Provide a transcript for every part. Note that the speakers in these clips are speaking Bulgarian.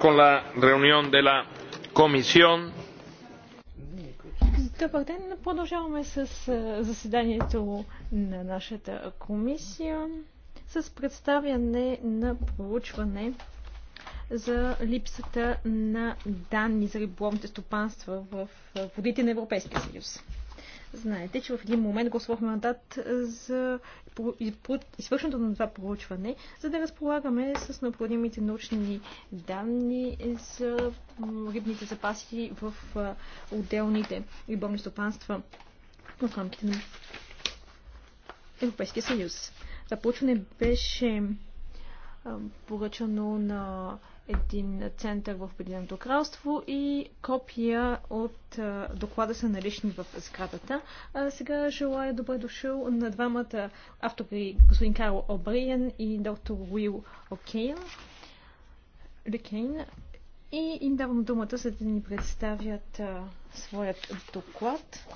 con la reunión de la comisión. Добър ден. Продължаваме с заседанието на нашата комисия с представяне на проучване за липсата на данни за риболовните стопанства в водите на Европейския съюз. Знаете, че в един момент гласувахме мандат за извършването на това проучване, за да разполагаме с необходимите научни данни за рибните запаси в отделните рибовни стопанства в рамките на Европейския съюз. Това проучване беше поръчано на един център в Обединеното кралство и копия от доклада са налични в сградата. А сега желая добре дошъл на двамата автори, господин Карл Обриен и доктор Уил Окейн. Лекейн. И им давам думата, за да ни представят а, своят доклад,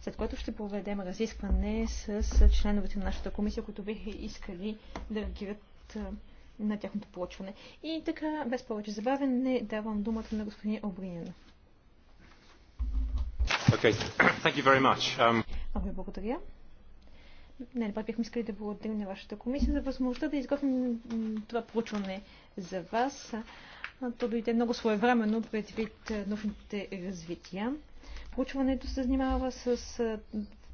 след което ще проведем разискване с, с членовете на нашата комисия, които биха искали да реагират на тяхното получване. И така, без повече забавене, давам думата на господин Обринин. Okay. Thank you very much. Um... Много ви благодаря. Не, не бихме искали да благодарим на вашата комисия за възможността да изготвим това проучване за вас. То дойде много своевременно предвид научните развития. Проучването се занимава с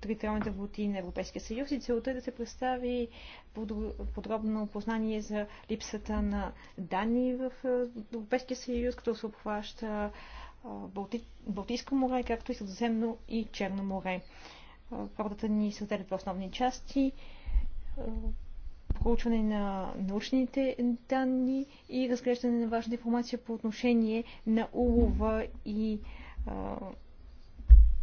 териториалните води на Европейския съюз и целта е да се представи подробно познание за липсата на данни в е, Европейския съюз, като се обхваща Балти... Балтийско море, както и Средоземно и Черно море. Работата ни се отделят в основни части проучване на научните данни и разглеждане на важна информация по отношение на улова и а,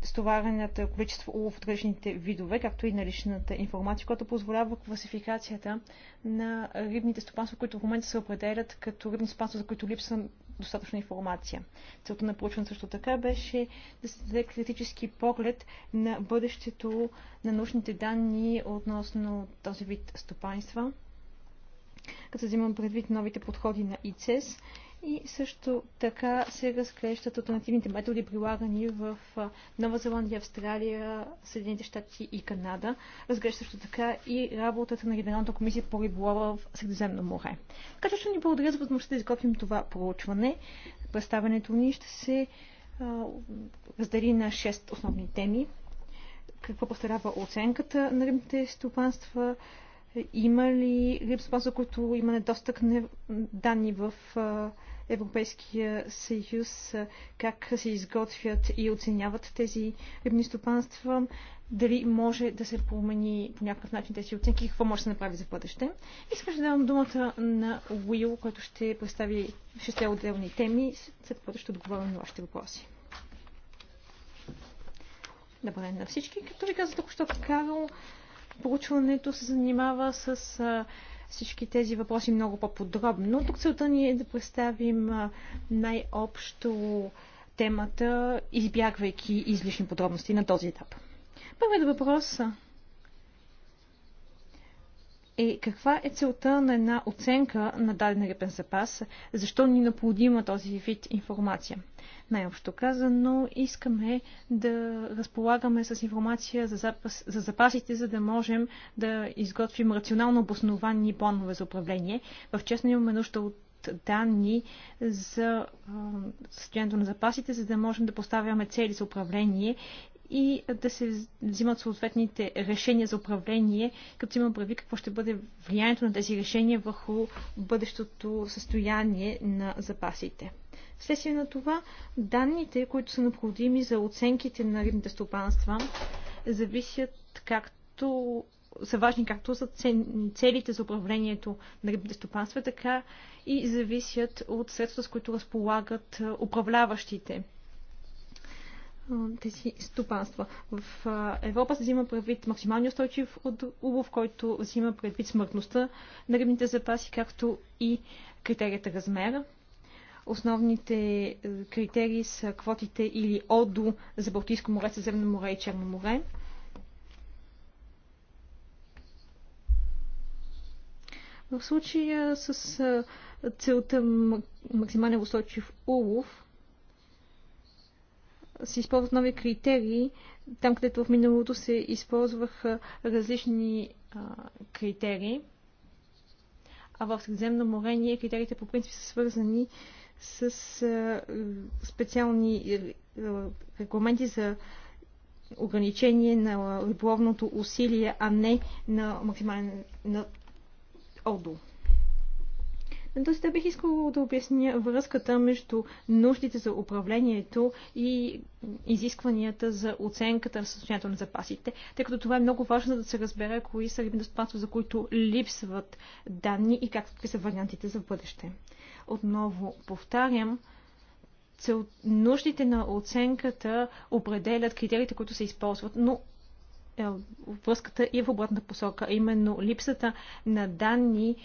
стоварената количество улов от различните видове, както и наличната информация, която позволява класификацията на рибните стопанства, които в момента се определят като рибни стопанства, за които липсва достатъчна информация. Целта на проучването също така беше да се даде критически поглед на бъдещето на научните данни относно този вид стопанства, като взимам предвид новите подходи на ИЦЕС и също така се разкрещат альтернативните методи, прилагани в Нова Зеландия, Австралия, Съединените щати и Канада. Разглежда също така и работата на Регионалната комисия по риболова в Средиземно море. Така че ще ни благодаря за възможността да изготвим това проучване. Представянето ни ще се раздели на 6 основни теми. Какво представлява оценката на рибните стопанства, има ли риб които има недостъг на данни в Европейския съюз, как се изготвят и оценяват тези рибни стопанства, дали може да се промени по някакъв начин тези оценки, какво може да се направи за бъдеще. Искаш да дам думата на Уил, който ще представи шесте отделни теми, след което ще отговоря на вашите въпроси. Добре на всички. Като ви казах току-що, Карл, проучването се занимава с всички тези въпроси много по-подробно. Тук целта ни е да представим най-общо темата, избягвайки излишни подробности на този етап. Първият въпрос е каква е целта на една оценка на даден репен запас, защо ни наплодима необходима този вид информация. Най-общо казано, искаме да разполагаме с информация за, запас, за запасите, за да можем да изготвим рационално обосновани планове за управление. В честно имаме нужда от данни за състоянието на запасите, за да можем да поставяме цели за управление и да се взимат съответните решения за управление, като има прави какво ще бъде влиянието на тези решения върху бъдещото състояние на запасите. Вследствие на това, данните, които са необходими за оценките на рибните стопанства, зависят както са важни както за целите за управлението на рибните стопанства, така и зависят от средства, с които разполагат управляващите тези стопанства. В Европа се взима предвид максимално устойчив улов, който взима предвид смъртността на рибните запаси, както и критерията размера. Основните е, критерии са квотите или ОДО за Балтийско море, съземно море и Черно море. В случая с целта максимален устойчив улов, се използват нови критерии, там където в миналото се използваха различни а, критерии. А в Средиземно море ние критериите по принцип са свързани с а, специални регламенти за ограничение на риболовното усилие, а не на максимален на отдол. До сега бих искал да обясня връзката между нуждите за управлението и изискванията за оценката на състоянието на запасите, тъй като това е много важно да се разбере кои са рибни стопанства, за които липсват данни и какви са вариантите за бъдеще. Отново повтарям, цел... нуждите на оценката определят критериите, които се използват, но е, връзката и е в обратна посока, именно липсата на данни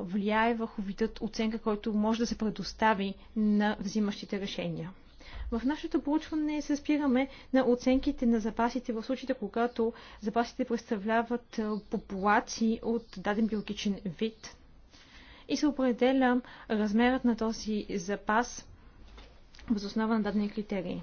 влияе върху видът оценка, който може да се предостави на взимащите решения. В нашето проучване се спираме на оценките на запасите в случаите, когато запасите представляват популации от даден биологичен вид и се определя размерът на този запас въз основа на дадени критерии.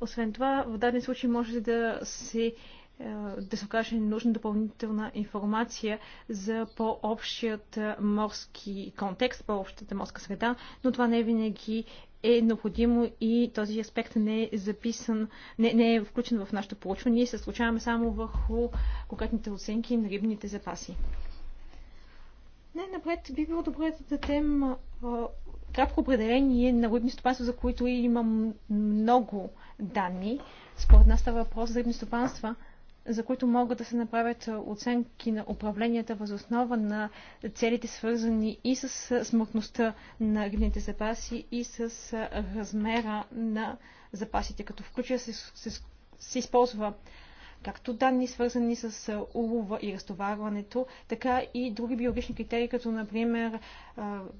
Освен това, в даден случай може да се е, да се окаже нужна допълнителна информация за по-общият е, морски контекст, по-общата морска среда, но това не винаги е необходимо и този аспект не е записан, не, не е включен в нашето проучване. Ние се случаваме само върху конкретните оценки на рибните запаси. Най-напред би било добре да дадем а, е, кратко определение на рибни стопанства, за които имам много данни. Според нас става въпрос за рибни стопанства, за които могат да се направят оценки на управленията въз основа на целите свързани и с смъртността на рибните запаси и с размера на запасите, като включва се, се, се използва както данни свързани с улова и разтоварването, така и други биологични критерии, като например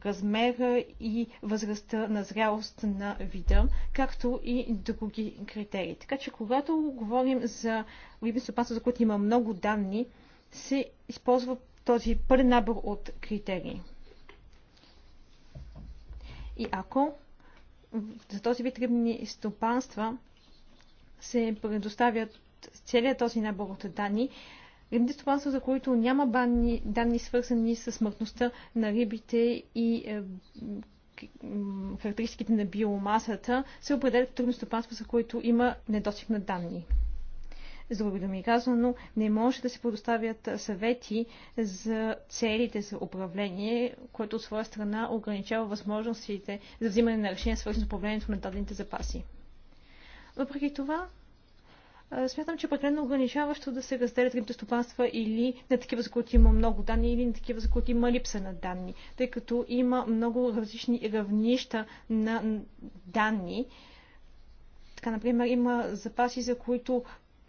размера и възрастта на зрялост на вида, както и други критерии. Така че когато говорим за рибни стопанства, за които има много данни, се използва този пълен набор от критерии. И ако за този вид рибни стопанства се предоставят целият този набор от данни. Рибните стопанства, за които няма банни, данни свързани с смъртността на рибите и е, характеристиките на биомасата, се определят трудни стопанства, за които има недостиг на данни. С други думи казано, не може да се предоставят съвети за целите за управление, което от своя страна ограничава възможностите за взимане на решения, свързани с управлението на дадените запаси. Въпреки това, Смятам, че е прекалено ограничаващо да се разделят рибните стопанства или на такива, за които има много данни, или на такива, за които има липса на данни, тъй като има много различни равнища на данни. Така, например, има запаси, за които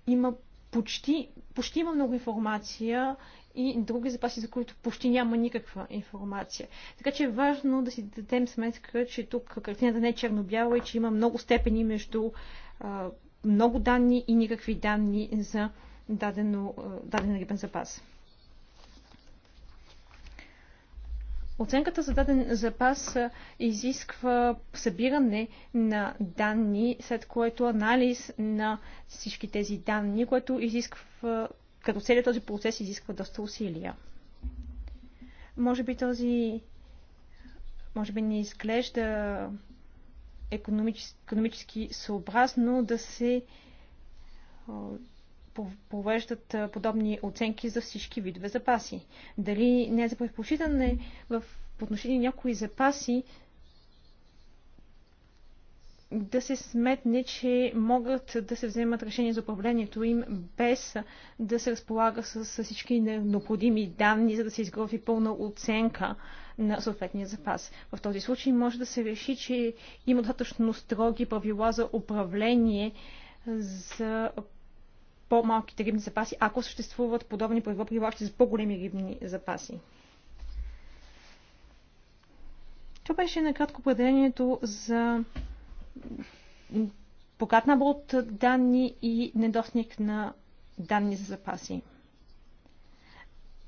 има почти, почти има много информация и други запаси, за които почти няма никаква информация. Така че е важно да си дадем сметка, че тук картината не е черно-бяла и че има много степени между а, много данни и никакви данни за дадено, е, даден рибен запас. Оценката за даден запас е, изисква събиране на данни, след което анализ на всички тези данни, което изисква, като целият този процес изисква доста усилия. Може би този, може би не изглежда економически, економически съобразно да се провеждат подобни оценки за всички видове запаси. Дали не е за предпочитане в отношение на някои запаси да се сметне, че могат да се вземат решения за управлението им без да се разполага с всички необходими данни, за да се изготви пълна оценка на съответния запас. В този случай може да се реши, че има достатъчно строги правила за управление за по-малките рибни запаси, ако съществуват подобни правила, прилагащи за по-големи рибни запаси. Това беше накратко определението за богат набор от данни и недостиг на данни за запаси.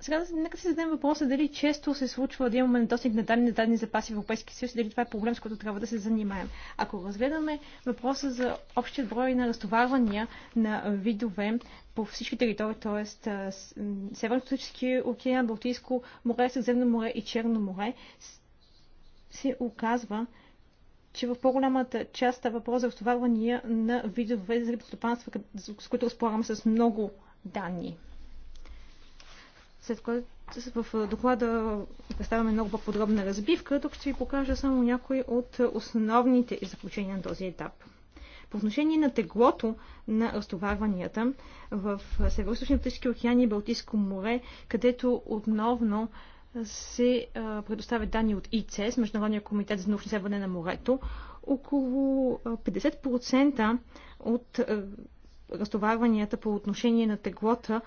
Сега нека си зададем въпроса дали често се случва да имаме недостиг на данни, на данни запаси в Европейския съюз, дали това е проблем, с който трябва да се занимаем. Ако разгледаме въпроса за общия брой на разтоварвания на видове по всички територии, т.е. Северно-Атлантически океан, Балтийско море, Средземно море и Черно море, се оказва, че в по-голямата част става въпрос за разтоварвания на видове за рибостопанства, с които разполагаме с много данни след което в доклада представяме много по-подробна разбивка. Тук ще ви покажа само някои от основните заключения на този етап. По отношение на теглото на разтоварванията в Северо-Источния Атлантически океан и Балтийско море, където отново се предоставят данни от ИЦЕС, Международния комитет за научно изследване на морето, около 50% от разтоварванията по отношение на теглота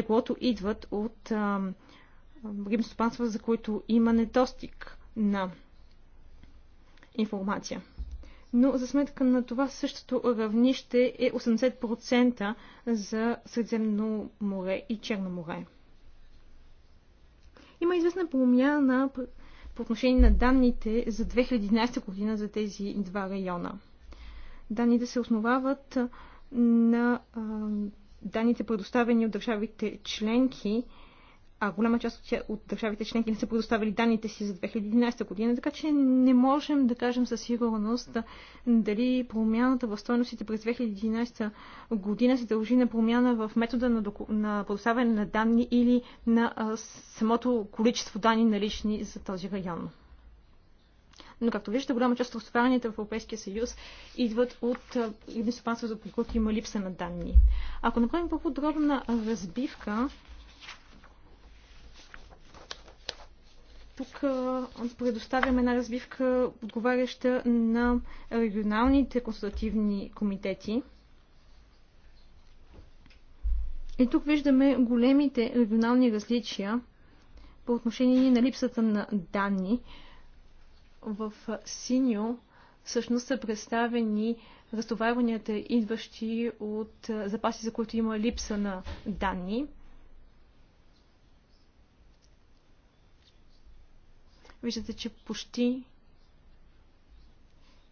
стеклото идват от рибни стопанства, за които има недостиг на информация. Но за сметка на това същото равнище е 80% за Средземно море и Черно море. Има известна промяна по отношение на данните за 2011 година за тези два района. Данните се основават на данните предоставени от държавите членки, а голяма част от, от държавите членки не са предоставили данните си за 2011 година, така че не можем да кажем със сигурност дали промяната в стойностите през 2011 година се дължи на промяна в метода на, доку... на предоставяне на данни или на а, самото количество данни налични за този район. Но, както виждате, голяма част от разтоваренията в Европейския съюз идват от едни стопанства, за които има липса на данни. Ако направим по-подробна разбивка, тук предоставям една разбивка, отговаряща на регионалните консултативни комитети. И тук виждаме големите регионални различия по отношение на липсата на данни, в синьо всъщност са представени разтоварванията, идващи от запаси, за които има липса на данни. Виждате, че почти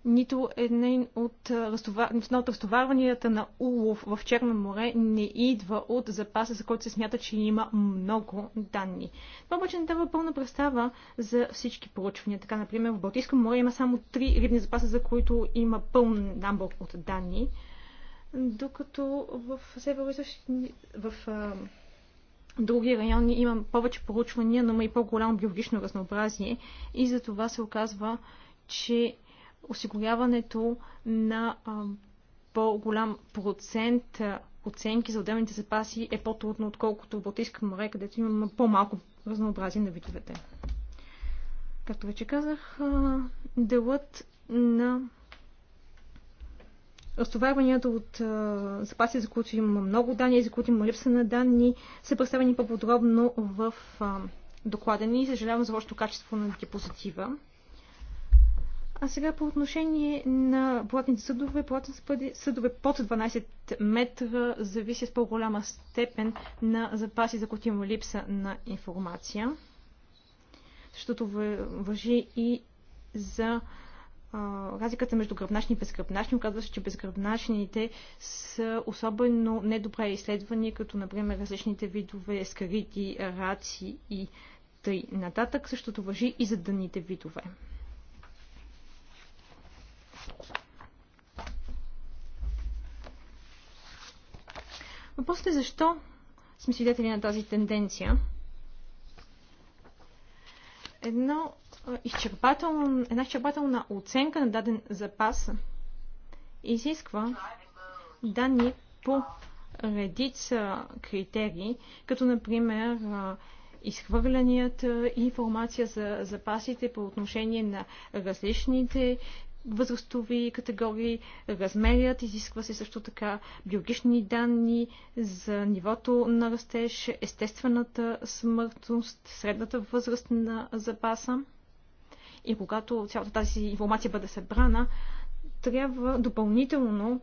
нито един от, разтовар... разтоварванията на улов в Черно море не идва от запаса, за който се смята, че има много данни. Това обаче не дава пълна представа за всички поручвания. Така, например, в Балтийско море има само три рибни запаса, за които има пълн набор от данни, докато в северо в а, други райони има повече поручвания, но има и по-голямо биологично разнообразие и за това се оказва, че осигуряването на по-голям процент оценки за отделните запаси е по-трудно, отколкото в балтийска море, където имаме по-малко разнообразие на видовете. Както вече казах, делът на разтоварванията от запаси, за които има много данни, за които има липса на данни, са представени по-подробно в доклада ни. Съжалявам за лошото качество на диапозитива. А сега по отношение на платните съдове, платни съдове под 12 метра зависи с по-голяма степен на запаси за котима липса на информация. Защото въжи и за а, разликата между гръбначни и безгръбначни. Оказва се, че безгръбначните са особено недобре изследвани, като например различните видове скарити, раци и тъй нататък. Същото въжи и за дъните видове. Въпросът е защо сме свидетели на тази тенденция. Едно една изчерпателна оценка на даден запас изисква данни по редица критерии, като например изхвърлянията информация за запасите по отношение на различните възрастови категории, размерят, изисква се също така биологични данни за нивото на растеж, естествената смъртност, средната възраст на запаса. И когато цялата тази информация бъде събрана, трябва допълнително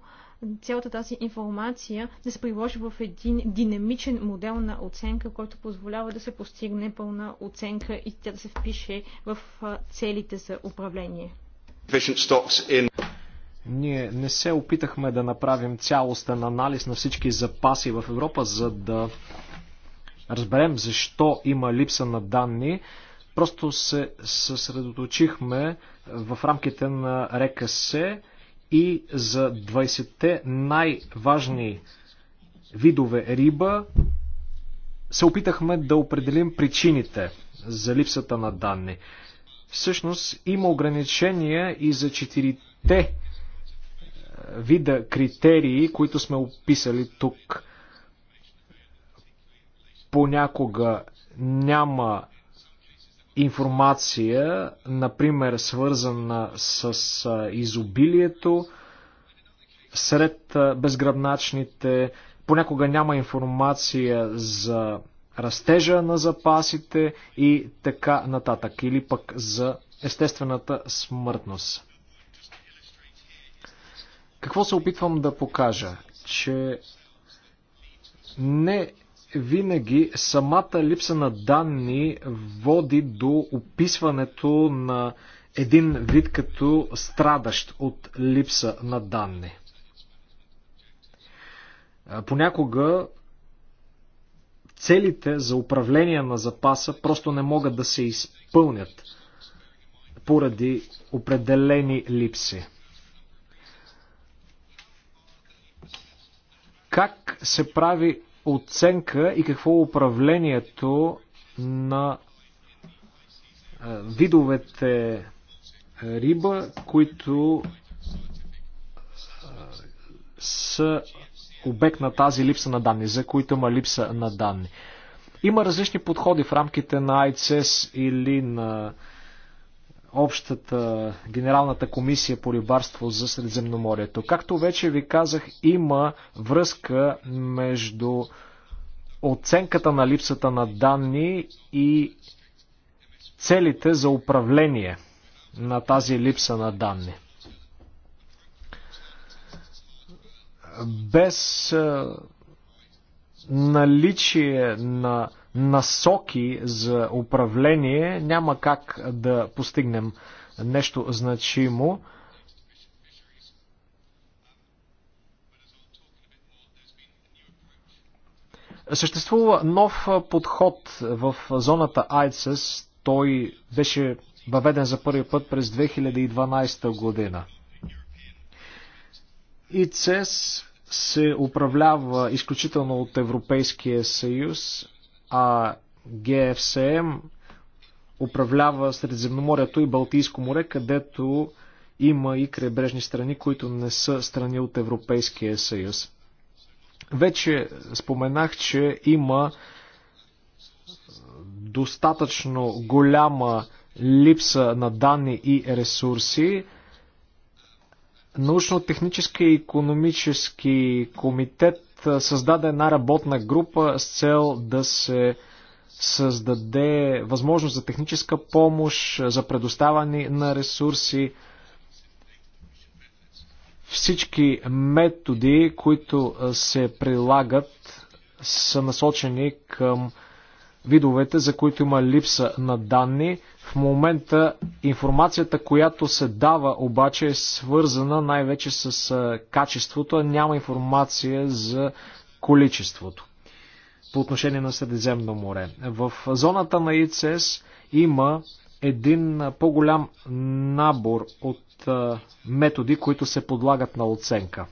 цялата тази информация да се приложи в един динамичен модел на оценка, който позволява да се постигне пълна оценка и тя да се впише в целите за управление. Ние не се опитахме да направим цялостен анализ на всички запаси в Европа, за да разберем защо има липса на данни. Просто се съсредоточихме в рамките на РКС и за 20-те най-важни видове риба се опитахме да определим причините за липсата на данни всъщност има ограничения и за четирите е, вида критерии, които сме описали тук. Понякога няма информация, например, свързана с изобилието сред безгръбначните, понякога няма информация за растежа на запасите и така нататък, или пък за естествената смъртност. Какво се опитвам да покажа? Че не винаги самата липса на данни води до описването на един вид като страдащ от липса на данни. Понякога целите за управление на запаса просто не могат да се изпълнят поради определени липси. Как се прави оценка и какво е управлението на е, видовете е, риба, които е, са обект на тази липса на данни, за които има липса на данни. Има различни подходи в рамките на ICES или на общата Генералната комисия по рибарство за Средземноморието. Както вече ви казах, има връзка между оценката на липсата на данни и целите за управление на тази липса на данни. без наличие на насоки за управление няма как да постигнем нещо значимо. Съществува нов подход в зоната ICES. Той беше въведен за първи път през 2012 година. ИЦЕС се управлява изключително от Европейския съюз, а ГФСМ управлява Средиземноморието и Балтийско море, където има и крайбрежни страни, които не са страни от Европейския съюз. Вече споменах, че има достатъчно голяма липса на данни и ресурси. Научно-технически и економически комитет създаде една работна група с цел да се създаде възможност за техническа помощ, за предоставяне на ресурси. Всички методи, които се прилагат, са насочени към видовете, за които има липса на данни. В момента информацията, която се дава обаче е свързана най-вече с качеството, а няма информация за количеството по отношение на Средиземно море. В зоната на ИЦС има един по-голям набор от методи, които се подлагат на оценка.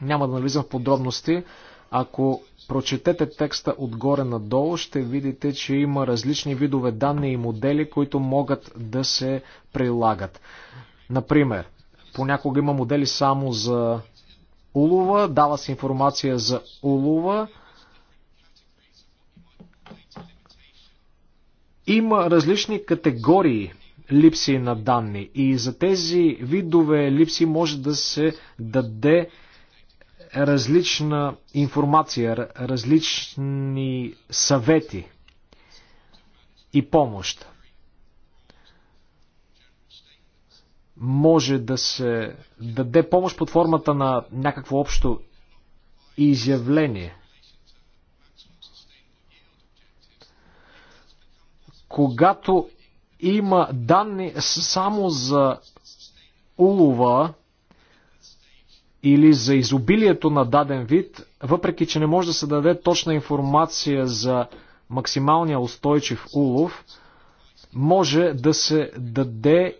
Няма да навлизам в подробности, ако прочетете текста отгоре надолу, ще видите, че има различни видове данни и модели, които могат да се прилагат. Например, понякога има модели само за улова, дава се информация за улова. Има различни категории липси на данни и за тези видове липси може да се даде различна информация, различни съвети и помощ. Може да се даде помощ под формата на някакво общо изявление. Когато има данни само за улова, или за изобилието на даден вид, въпреки че не може да се даде точна информация за максималния устойчив улов, може да се даде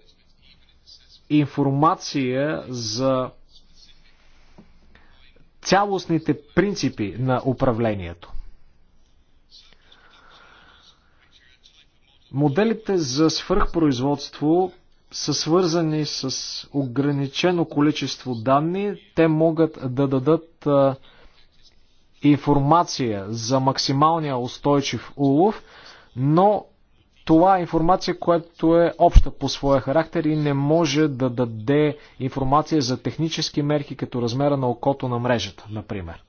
информация за цялостните принципи на управлението. Моделите за свръхпроизводство са свързани с ограничено количество данни, те могат да дадат информация за максималния устойчив улов, но това е информация, която е обща по своя характер и не може да даде информация за технически мерки, като размера на окото на мрежата, например.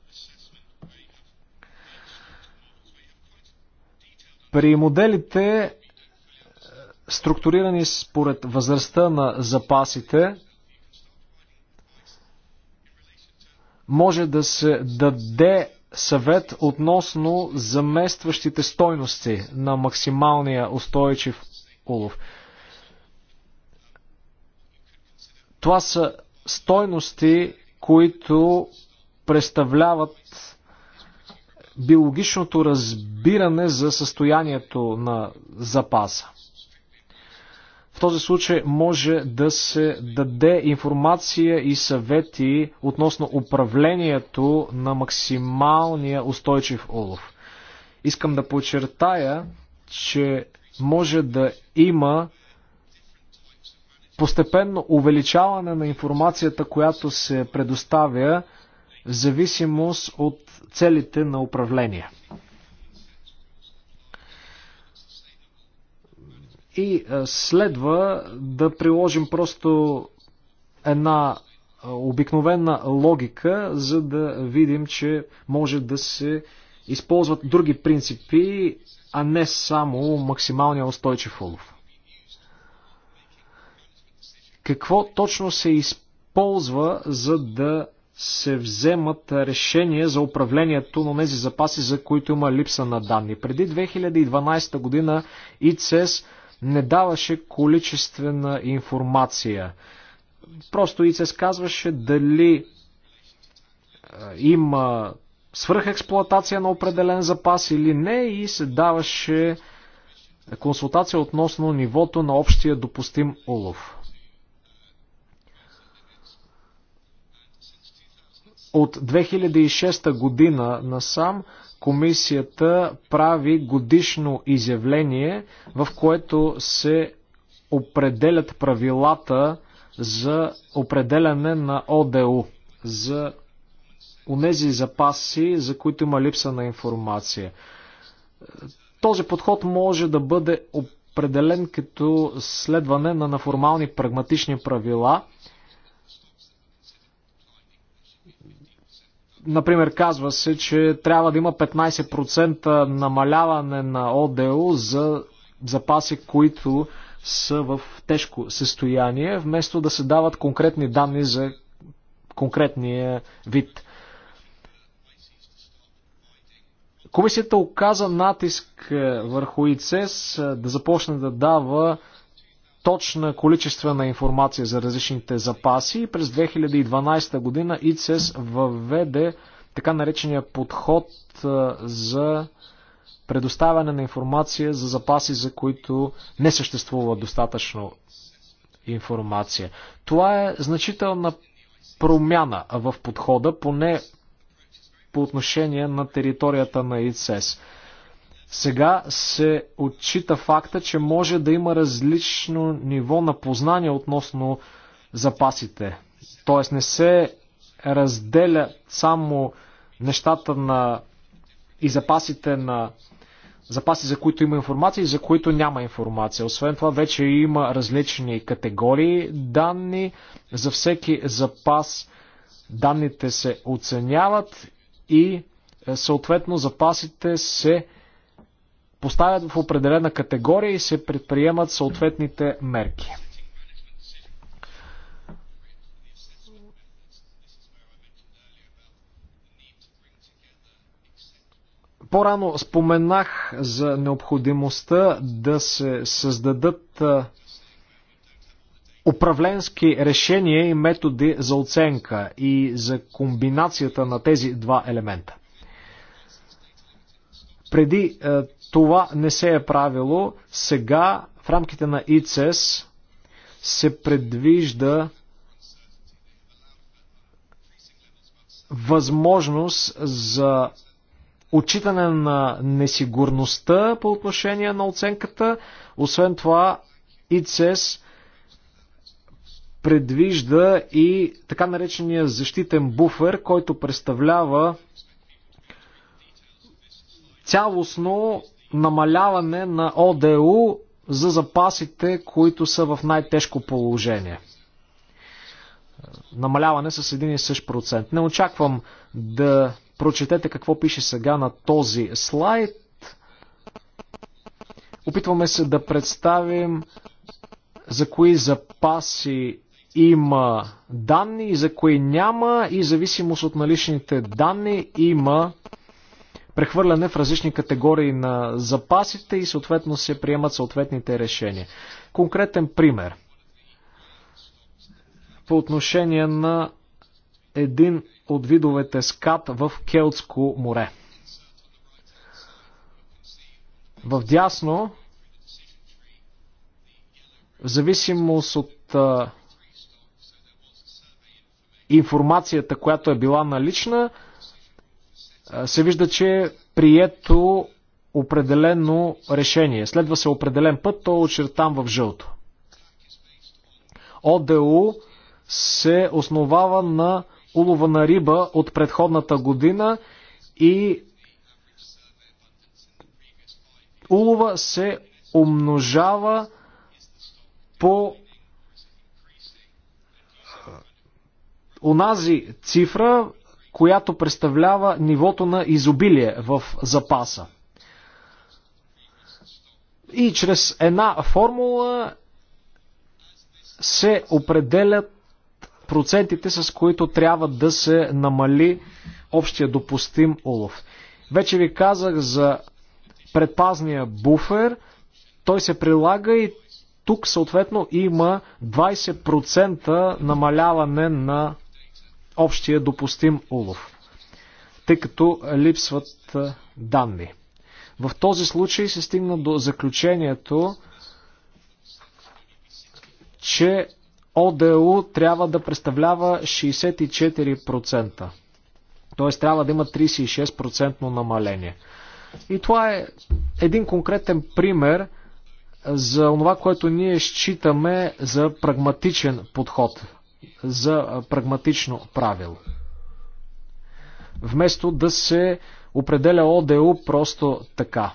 При моделите структурирани според възрастта на запасите, може да се даде съвет относно заместващите стойности на максималния устойчив улов. Това са стойности, които представляват биологичното разбиране за състоянието на запаса. В този случай може да се даде информация и съвети относно управлението на максималния устойчив улов. Искам да подчертая, че може да има постепенно увеличаване на информацията, която се предоставя в зависимост от целите на управление. И е, следва да приложим просто една е, обикновена логика, за да видим, че може да се използват други принципи, а не само максималния устойчив улов. Какво точно се използва, за да се вземат решения за управлението на тези запаси, за които има липса на данни. Преди 2012 година ИЦЕС не даваше количествена информация. Просто и се сказваше дали е, има свръхексплоатация на определен запас или не и се даваше консултация относно нивото на общия допустим улов. От 2006 година насам комисията прави годишно изявление, в което се определят правилата за определяне на ОДУ, за унези запаси, за които има липса на информация. Този подход може да бъде определен като следване на, на формални прагматични правила – Например, казва се, че трябва да има 15% намаляване на ОДО за запаси, които са в тежко състояние, вместо да се дават конкретни данни за конкретния вид. Комисията оказа натиск върху ИЦЕС да започне да дава точна количествена информация за различните запаси и през 2012 година ИЦЕС въведе така наречения подход за предоставяне на информация за запаси, за които не съществува достатъчно информация. Това е значителна промяна в подхода, поне по отношение на територията на ИЦЕС. Сега се отчита факта, че може да има различно ниво на познание относно запасите. Тоест не се разделя само нещата на и запасите на запаси, за които има информация и за които няма информация. Освен това, вече има различни категории данни. За всеки запас данните се оценяват и е, съответно запасите се поставят в определена категория и се предприемат съответните мерки. По-рано споменах за необходимостта да се създадат управленски решения и методи за оценка и за комбинацията на тези два елемента. Преди е, това не се е правило. Сега в рамките на ИЦЕС се предвижда възможност за отчитане на несигурността по отношение на оценката. Освен това, ИЦЕС предвижда и така наречения защитен буфер, който представлява цялостно намаляване на ОДУ за запасите, които са в най-тежко положение. Намаляване с един и същ процент. Не очаквам да прочетете какво пише сега на този слайд. Опитваме се да представим за кои запаси има данни и за кои няма и зависимост от наличните данни има прехвърляне в различни категории на запасите и съответно се приемат съответните решения. Конкретен пример по отношение на един от видовете скат в Келтско море. В дясно, в зависимост от информацията, която е била налична, се вижда, че е прието определено решение. Следва се определен път, то е очертан в жълто. ОДУ се основава на улова на риба от предходната година и улова се умножава по онази цифра, която представлява нивото на изобилие в запаса. И чрез една формула се определят процентите, с които трябва да се намали общия допустим улов. Вече ви казах за предпазния буфер, той се прилага и тук съответно има 20% намаляване на общия допустим улов, тъй като липсват данни. В този случай се стигна до заключението, че ОДУ трябва да представлява 64%. Т.е. трябва да има 36% намаление. И това е един конкретен пример за това, което ние считаме за прагматичен подход за прагматично правило. Вместо да се определя ОДУ просто така.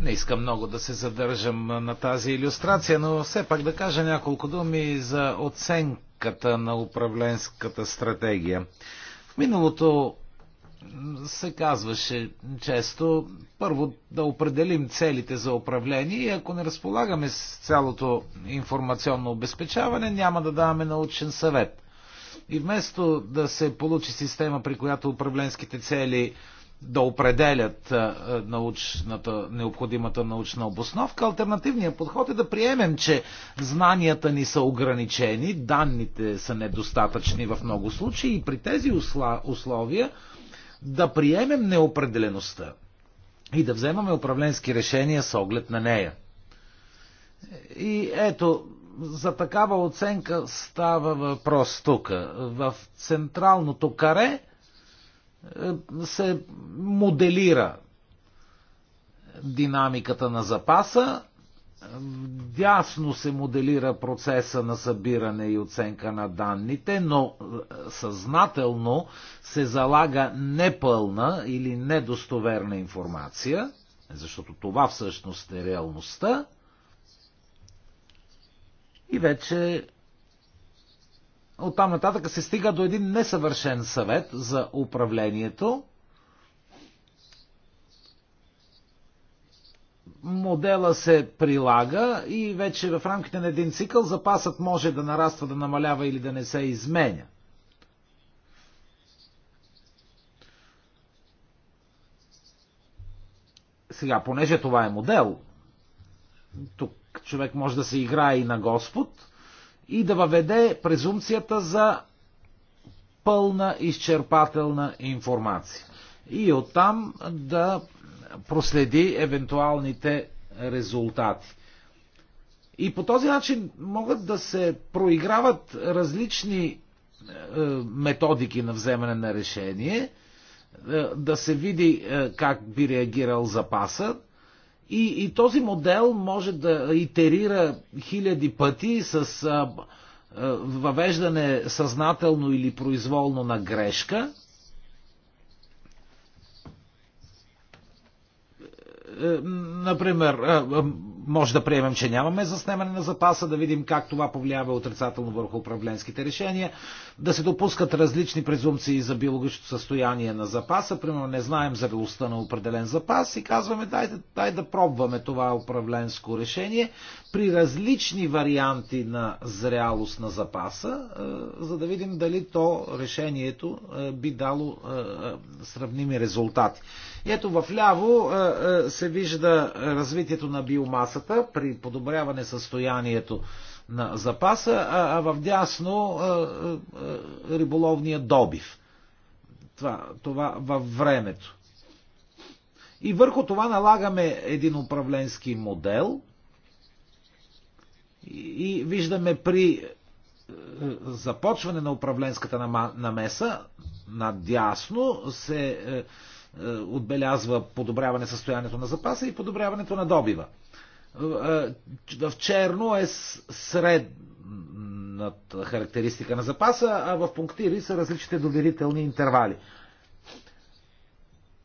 Не искам много да се задържам на тази иллюстрация, но все пак да кажа няколко думи за оценката на управленската стратегия. В миналото се казваше често, първо да определим целите за управление и ако не разполагаме с цялото информационно обезпечаване, няма да даваме научен съвет. И вместо да се получи система, при която управленските цели да определят научната, необходимата научна обосновка. Альтернативният подход е да приемем, че знанията ни са ограничени, данните са недостатъчни в много случаи и при тези условия да приемем неопределеността и да вземаме управленски решения с оглед на нея. И ето, за такава оценка става въпрос тук. В централното каре е, се моделира динамиката на запаса дясно се моделира процеса на събиране и оценка на данните, но е, съзнателно се залага непълна или недостоверна информация, защото това всъщност е реалността. И вече оттам нататък се стига до един несъвършен съвет за управлението, модела се прилага и вече в рамките на един цикъл запасът може да нараства, да намалява или да не се изменя. Сега, понеже това е модел, тук човек може да се играе и на Господ и да въведе презумцията за пълна изчерпателна информация. И оттам да проследи евентуалните резултати. И по този начин могат да се проиграват различни е, методики на вземане на решение, е, да се види е, как би реагирал запаса. И, и този модел може да итерира хиляди пъти с въвеждане съзнателно или произволно на грешка, Е, например, е, е, може да приемем, че нямаме заснемане на запаса, да видим как това повлиява отрицателно върху управленските решения, да се допускат различни презумпции за биологичното състояние на запаса, примерно не знаем зрелостта на определен запас и казваме дай, дай да пробваме това управленско решение при различни варианти на зрялост на запаса, за да видим дали то решението би дало сравними резултати. Ето в ляво е, е, се вижда развитието на биомасата при подобряване състоянието на запаса, а в дясно е, риболовния добив. Това, това във времето. И върху това налагаме един управленски модел и виждаме при започване на управленската намеса надясно се е, отбелязва подобряване състоянието на запаса и подобряването на добива. Е, е, в черно е средната характеристика на запаса, а в пунктири са различните доверителни интервали.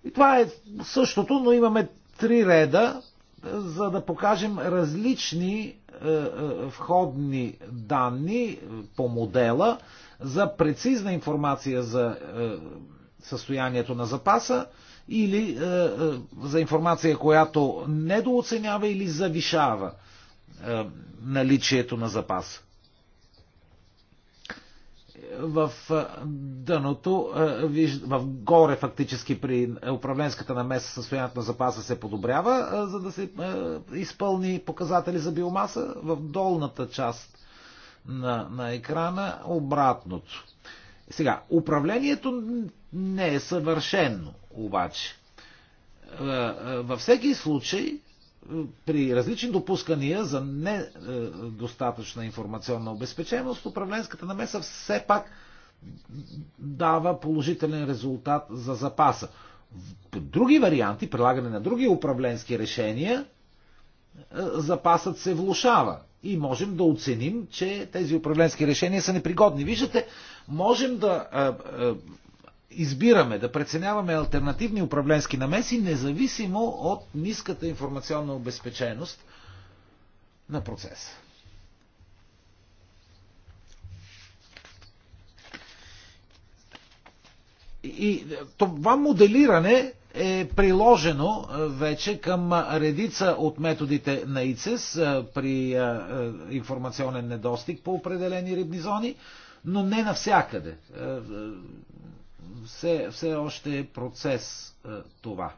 И това е същото, но имаме три реда, за да покажем различни входни данни по модела за прецизна информация за състоянието на запаса или е, е, за информация, която недооценява или завишава е, наличието на запаса. В дъното, в горе фактически при управленската намеса състоянието на запаса се подобрява, за да се изпълни показатели за биомаса. В долната част на, на екрана обратното. Сега, управлението не е съвършено, обаче. Е, е, във всеки случай, е, при различни допускания за недостатъчна информационна обезпеченост, управленската намеса все пак дава положителен резултат за запаса. Други варианти, прилагане на други управленски решения, запасът се влушава и можем да оценим, че тези управленски решения са непригодни. Виждате, можем да избираме, да преценяваме альтернативни управленски намеси, независимо от ниската информационна обезпеченост на процеса. И това моделиране е приложено вече към редица от методите на ИЦЕС при информационен недостиг по определени рибни зони, но не навсякъде все, все още е процес е, това.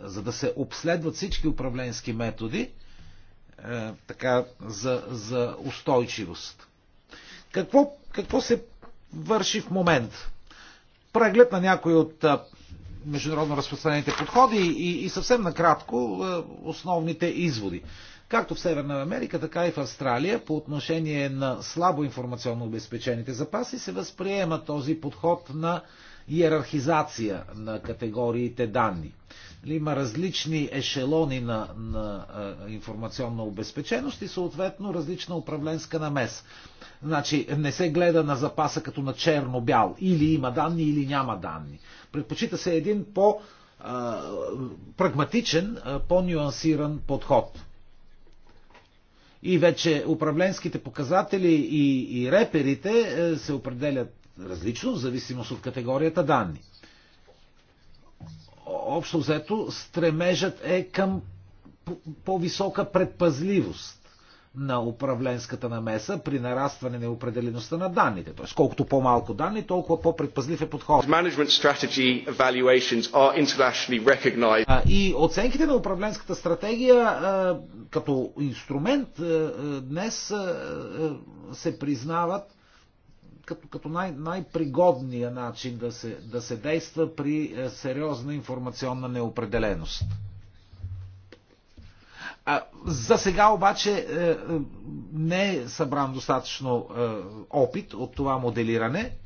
За да се обследват всички управленски методи, е, така, за, за устойчивост. Какво, какво се върши в момент? Преглед на някои от е, международно разпространените подходи и, и съвсем накратко основните изводи. Както в Северна Америка, така и в Австралия, по отношение на слабо информационно обезпечените запаси се възприема този подход на иерархизация на категориите данни. Нали, има различни ешелони на, на информационна обезпеченост и съответно различна управленска намес. Значи не се гледа на запаса като на черно-бял. Или има данни, или няма данни. Предпочита се един по- прагматичен, по-нюансиран подход и вече управленските показатели и, и реперите е, се определят различно в зависимост от категорията данни. Общо взето, стремежът е към по-висока предпазливост на управленската намеса при нарастване на определеността на данните. Тоест, колкото по-малко данни, толкова по-предпазлив е подход. И оценките на управленската стратегия като инструмент днес се признават като, като най- най-пригодния начин да се, да се действа при е, сериозна информационна неопределеност. А, за сега обаче е, е, не е събран достатъчно опит от това моделиране.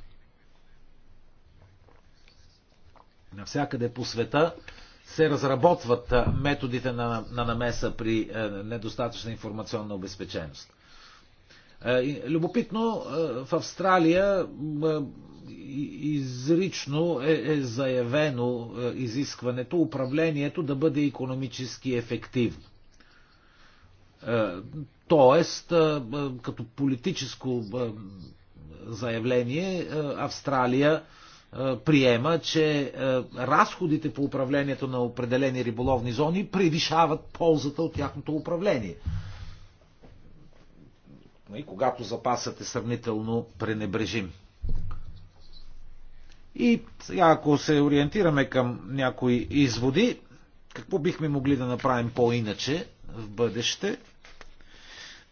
Навсякъде по света се разработват методите на, на намеса при недостатъчна информационна обезпеченост. Е, любопитно, е, в Австралия е, изрично е заявено изискването управлението да бъде економически ефективно. Тоест, като политическо заявление, Австралия приема, че разходите по управлението на определени риболовни зони превишават ползата от тяхното управление и нали, когато запасът е сравнително пренебрежим. И сега, ако се ориентираме към някои изводи, какво бихме могли да направим по-иначе в бъдеще –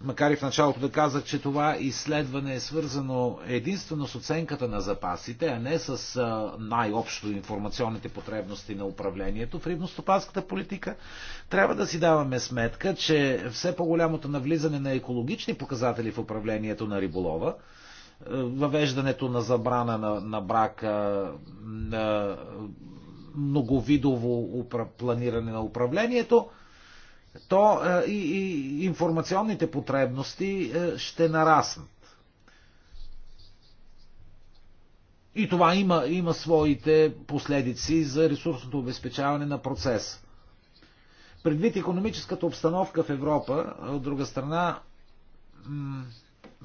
Макар и в началото да казах, че това изследване е свързано единствено с оценката на запасите, а не с най-общо информационните потребности на управлението в рибностопанската политика, трябва да си даваме сметка, че все по-голямото навлизане на екологични показатели в управлението на риболова, въвеждането на забрана на, на брака, на многовидово упра... планиране на управлението, то е, и, и информационните потребности е, ще нараснат. И това има, има своите последици за ресурсното обезпечаване на процеса. Предвид економическата обстановка в Европа, от друга страна,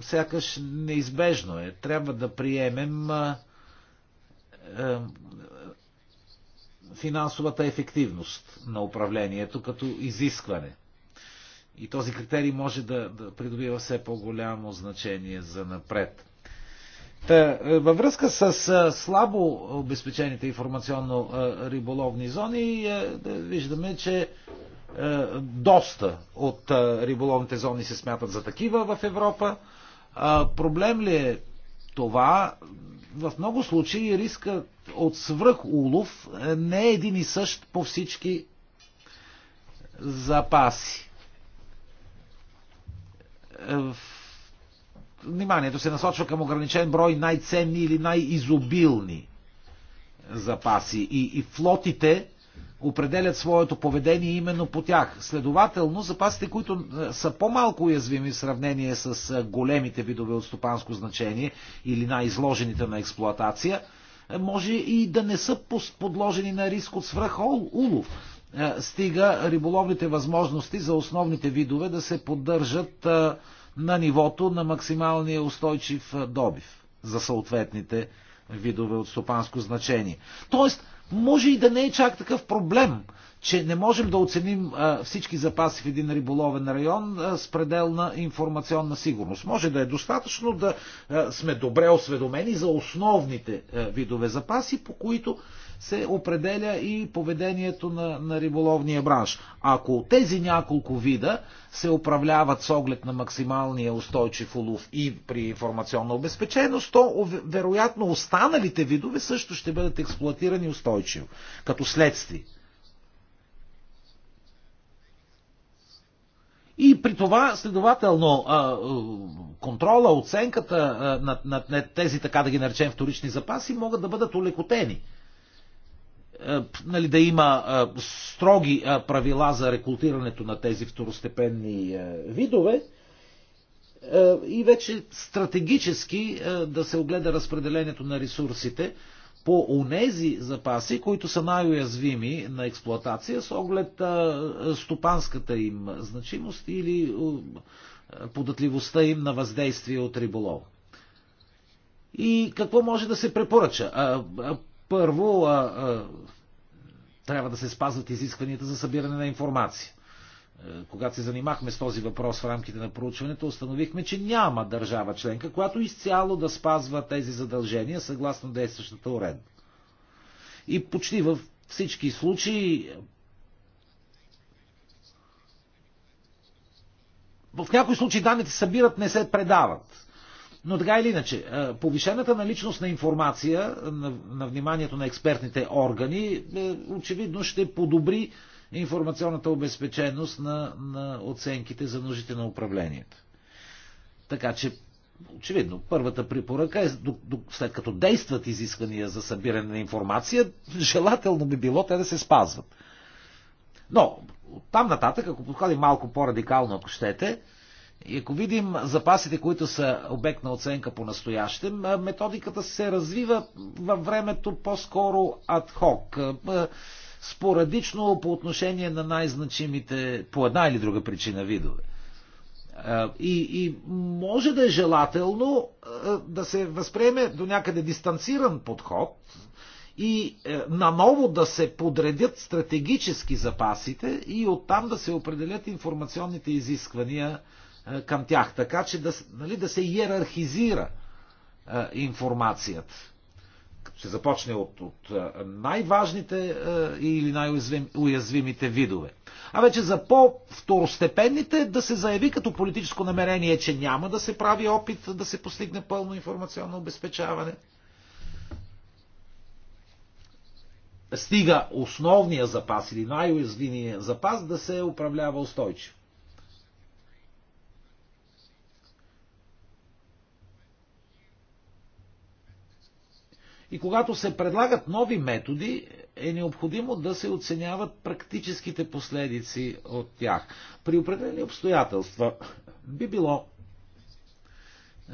сякаш неизбежно е. Трябва да приемем е, финансовата ефективност на управлението като изискване. И този критерий може да, да придобива все по-голямо значение за напред. Та, е, във връзка с е, слабо обезпечените информационно-риболовни е, зони, виждаме, че доста от риболовните зони се смятат за такива в Европа. Проблем ли е това? в много случаи риска от свръхулов не е един и същ по всички запаси. Е, вниманието се насочва към ограничен брой най-ценни или най-изобилни запаси. И, и флотите определят своето поведение именно по тях. Следователно, запасите, които е, са по-малко уязвими в сравнение с е, големите видове от стопанско значение или най-изложените на експлоатация, е, може и да не са подложени на риск от улов. Стига риболовните възможности за основните видове да се поддържат на нивото на максималния устойчив добив за съответните видове от стопанско значение. Тоест, може и да не е чак такъв проблем, че не можем да оценим всички запаси в един риболовен район с пределна информационна сигурност. Може да е достатъчно да сме добре осведомени за основните видове запаси, по които се определя и поведението на, на риболовния бранш. Ако тези няколко вида се управляват с оглед на максималния устойчив улов и при информационна обезпеченост, то вероятно останалите видове също ще бъдат експлуатирани устойчиво, като следствие. И при това, следователно, контрола, оценката на, тези, така да ги наречем, вторични запаси могат да бъдат улекотени. Е, нали, да има е, строги е, правила за рекултирането на тези второстепенни видове и вече стратегически да се огледа разпределението на ресурсите по онези запаси, които са най-уязвими на експлоатация с оглед стопанската им значимост или податливостта им на въздействие от риболов. И какво може да се препоръча? Първо, трябва да се спазват изискванията за събиране на информация. Е, когато се занимахме с този въпрос в рамките на проучването, установихме, че няма държава членка, която изцяло да спазва тези задължения съгласно действащата уредба. И почти във всички случаи в някои случаи данните събират, не се предават. Но така или иначе, повишената наличност на информация на вниманието на експертните органи е, очевидно ще подобри информационната обезпеченост на, на оценките за нуждите на управлението. Така че, очевидно, първата препоръка е, до, до, след като действат изисквания за събиране на информация, желателно би било те да се спазват. Но, там нататък, ако подходим малко по-радикално, ако щете, и ако видим запасите, които са обект на оценка по настоящем, методиката се развива във времето по-скоро адхок, спорадично по отношение на най-значимите по една или друга причина видове. И, и може да е желателно да се възприеме до някъде дистанциран подход и е, наново да се подредят стратегически запасите и оттам да се определят информационните изисквания е, към тях, така че да, нали, да се иерархизира е, информацията. Ще започне от, от е, най-важните или най-уязвимите видове. А вече за по-второстепенните да се заяви като политическо намерение, че няма да се прави опит да се постигне пълно информационно обезпечаване. Стига основния запас или най-уязвимия запас да се управлява устойчиво. И когато се предлагат нови методи, е необходимо да се оценяват практическите последици от тях. При определени обстоятелства би било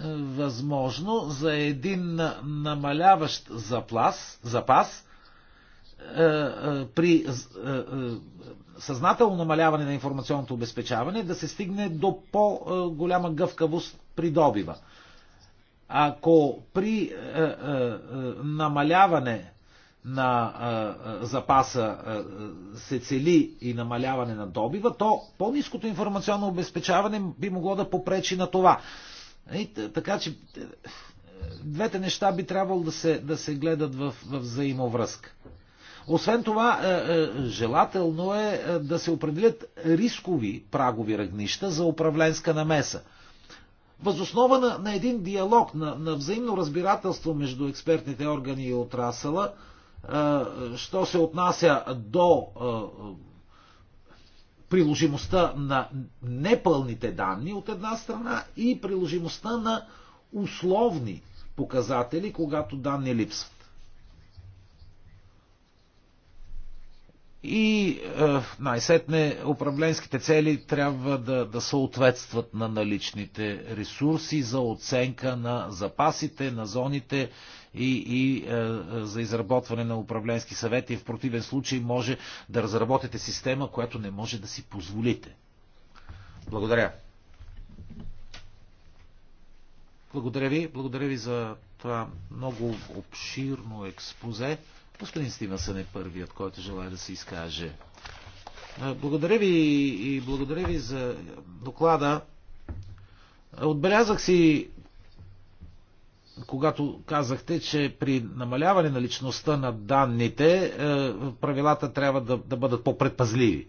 е, възможно за един намаляващ заплас, запас е, е, при съзнателно намаляване на информационното обезпечаване да се стигне до по-голяма гъвкавост при добива ако при е, е, е, намаляване на е, е запаса е, е, се цели и намаляване на добива, то по низкото информационно обезпечаване би могло да попречи на това. И, така че двете неща би трябвало да се, да се гледат в, в взаимовръзка. Освен това, желателно е да се определят рискови прагови рагнища за управленска намеса – възоснова на, на един диалог, на, на взаимно разбирателство между експертните органи и отрасъла, е, що се отнася до е, приложимостта на непълните данни от една страна и приложимостта на условни показатели, когато данни липсват. и е, най-сетне управленските цели трябва да, да съответстват на наличните ресурси за оценка на запасите, на зоните и, и е, за изработване на управленски съвети. В противен случай може да разработите система, която не може да си позволите. Благодаря. Благодаря ви. Благодаря ви за това много обширно експозе. Господин Стивенсън е първият, който желая да се изкаже. Благодаря ви и благодаря ви за доклада. Отбелязах си, когато казахте, че при намаляване на личността на данните, правилата трябва да, да бъдат по-предпазливи.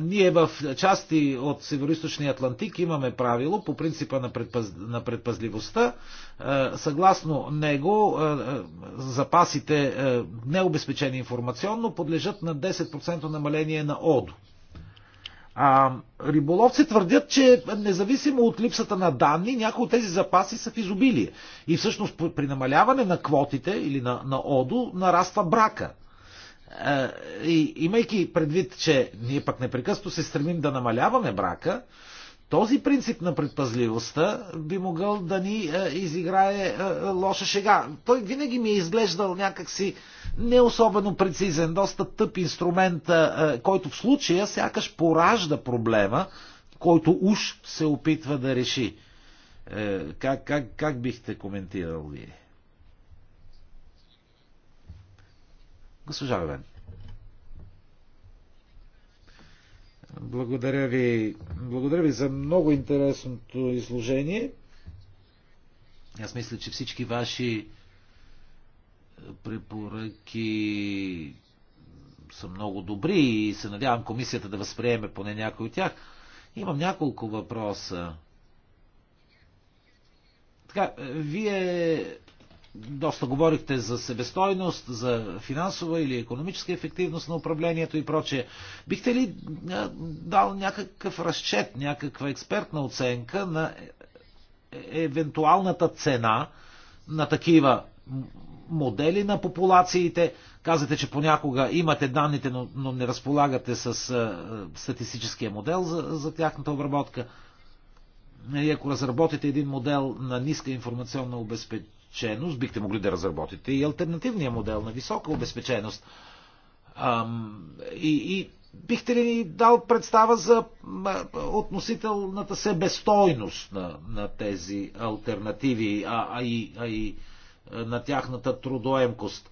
Ние в части от Североисточния Атлантик имаме правило по принципа на, предпаз... на предпазливостта. Е, съгласно него е, е, запасите необезпечени информационно подлежат на 10% намаление на ОДО. А, риболовци твърдят, че независимо от липсата на данни, някои от тези запаси са в изобилие. И всъщност при намаляване на квотите или на, на ОДО нараства брака е, и имайки предвид, че ние пък непрекъсто се стремим да намаляваме брака, този принцип на предпазливостта би могъл да ни а, е, изиграе а, е, лоша шега. Той винаги ми е изглеждал някакси не особено прецизен, доста тъп инструмент, а, който в случая сякаш поражда проблема, който уж се опитва да реши. Е, как, как, как бихте коментирал вие? Госпожа Левен. Благодаря ви. Благодаря ви за много интересното изложение. Аз мисля, че всички ваши е, препоръки са много добри и се надявам комисията да възприеме поне някой от тях. Имам няколко въпроса. Така, е, вие доста говорихте за себестойност, за финансова или економическа ефективност на управлението и прочее. Бихте ли дал някакъв разчет, някаква експертна оценка на е, е, евентуалната цена на такива модели на популациите. Казвате, че понякога имате данните, но, но не разполагате с а, статистическия модел за, за тяхната обработка. И нали, ако разработите един модел на ниска информационна обезпеченост, обезпеченост, бихте могли да разработите и альтернативния модел на висока обезпеченост. Ам, и, и бихте ли ни дал представа за относителната себестойност на, на тези альтернативи, а, а, и, а и на тяхната трудоемкост?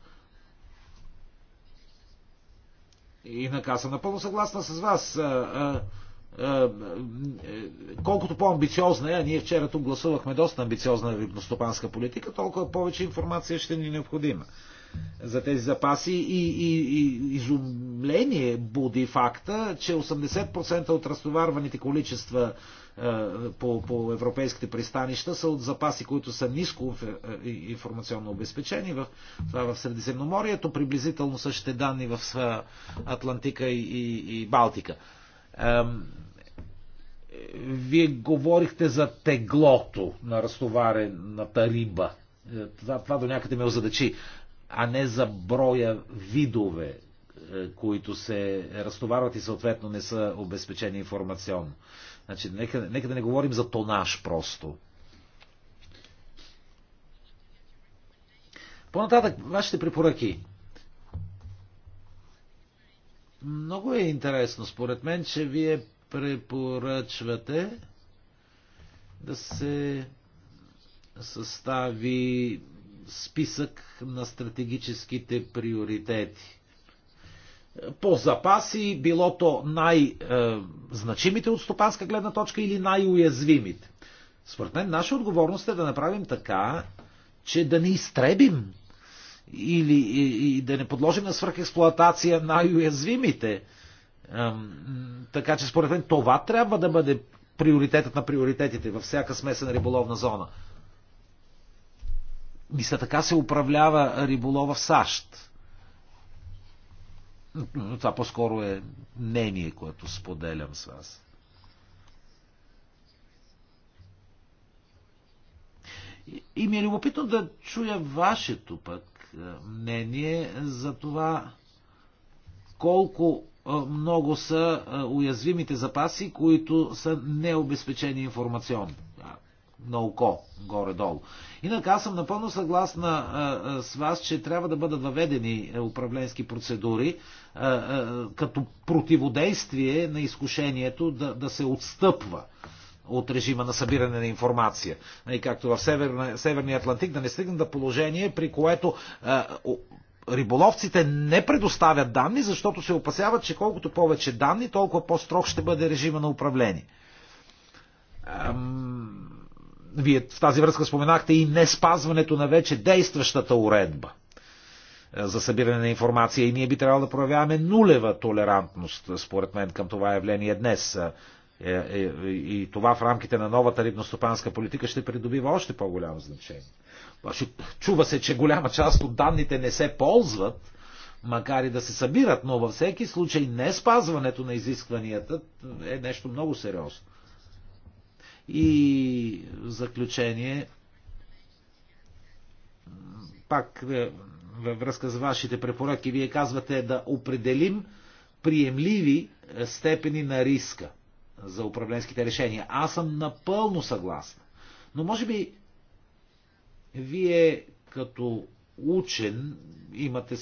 И нака, съм напълно съгласна с вас. А, а, е, е, колкото по-амбициозна е, ние вчера тук гласувахме доста амбициозна рибностопанска политика, толкова повече информация ще ни е необходима за тези запаси и, и, и изумление буди факта, че 80% от разтоварваните количества е, по, по европейските пристанища са от запаси, които са ниско информационно обезпечени в, това в Средиземноморието, приблизително същите данни в Атлантика и, и, и Балтика. Вие говорихте за теглото на разтоварената риба. Е, това, това до някъде ме озадачи. А не за броя видове, е, които се разтоварват и съответно не са обезпечени информационно. Значи, нека, нека да не говорим за тонаж просто. По-нататък, вашите препоръки. Много е интересно, според мен, че вие препоръчвате да се състави списък на стратегическите приоритети. По запаси, било то най-значимите от стопанска гледна точка или най-уязвимите. Според мен, наша отговорност е да направим така, че да не изтребим или и, и да не подложим на свръхексплоатация най-уязвимите. Така че според мен това трябва да бъде приоритетът на приоритетите във всяка смесена риболовна зона. Мисля, така се управлява риболова в САЩ. Но това по-скоро е мнение, което споделям с вас. И, и ми е любопитно да чуя вашето пък мнение за това колко много са уязвимите запаси, които са необезпечени информационно. На око, горе-долу. Инак аз съм напълно съгласна с вас, че трябва да бъдат въведени е, управленски процедури като противодействие на изкушението да, да се отстъпва от режима на събиране на информация. И нали, както в Северна, Северния Атлантик, да не стигна до положение, при което риболовците не предоставят данни, защото се опасяват, че колкото повече данни, толкова по-строг ще бъде режима на управление. Вие в тази връзка споменахте и не спазването на вече действащата уредба за събиране на информация и ние би трябвало да проявяваме нулева толерантност, според мен, към това явление днес. Е, е, и това в рамките на новата рибностопанска политика ще придобива още по-голямо значение. Чува се, че голяма част от данните не се ползват, макар и да се събират, но във всеки случай не спазването на изискванията е нещо много сериозно. И в заключение, пак е, във връзка с вашите препоръки, вие казвате да определим приемливи степени на риска за управленските решения. Аз съм напълно съгласна. Но може би вие като учен имате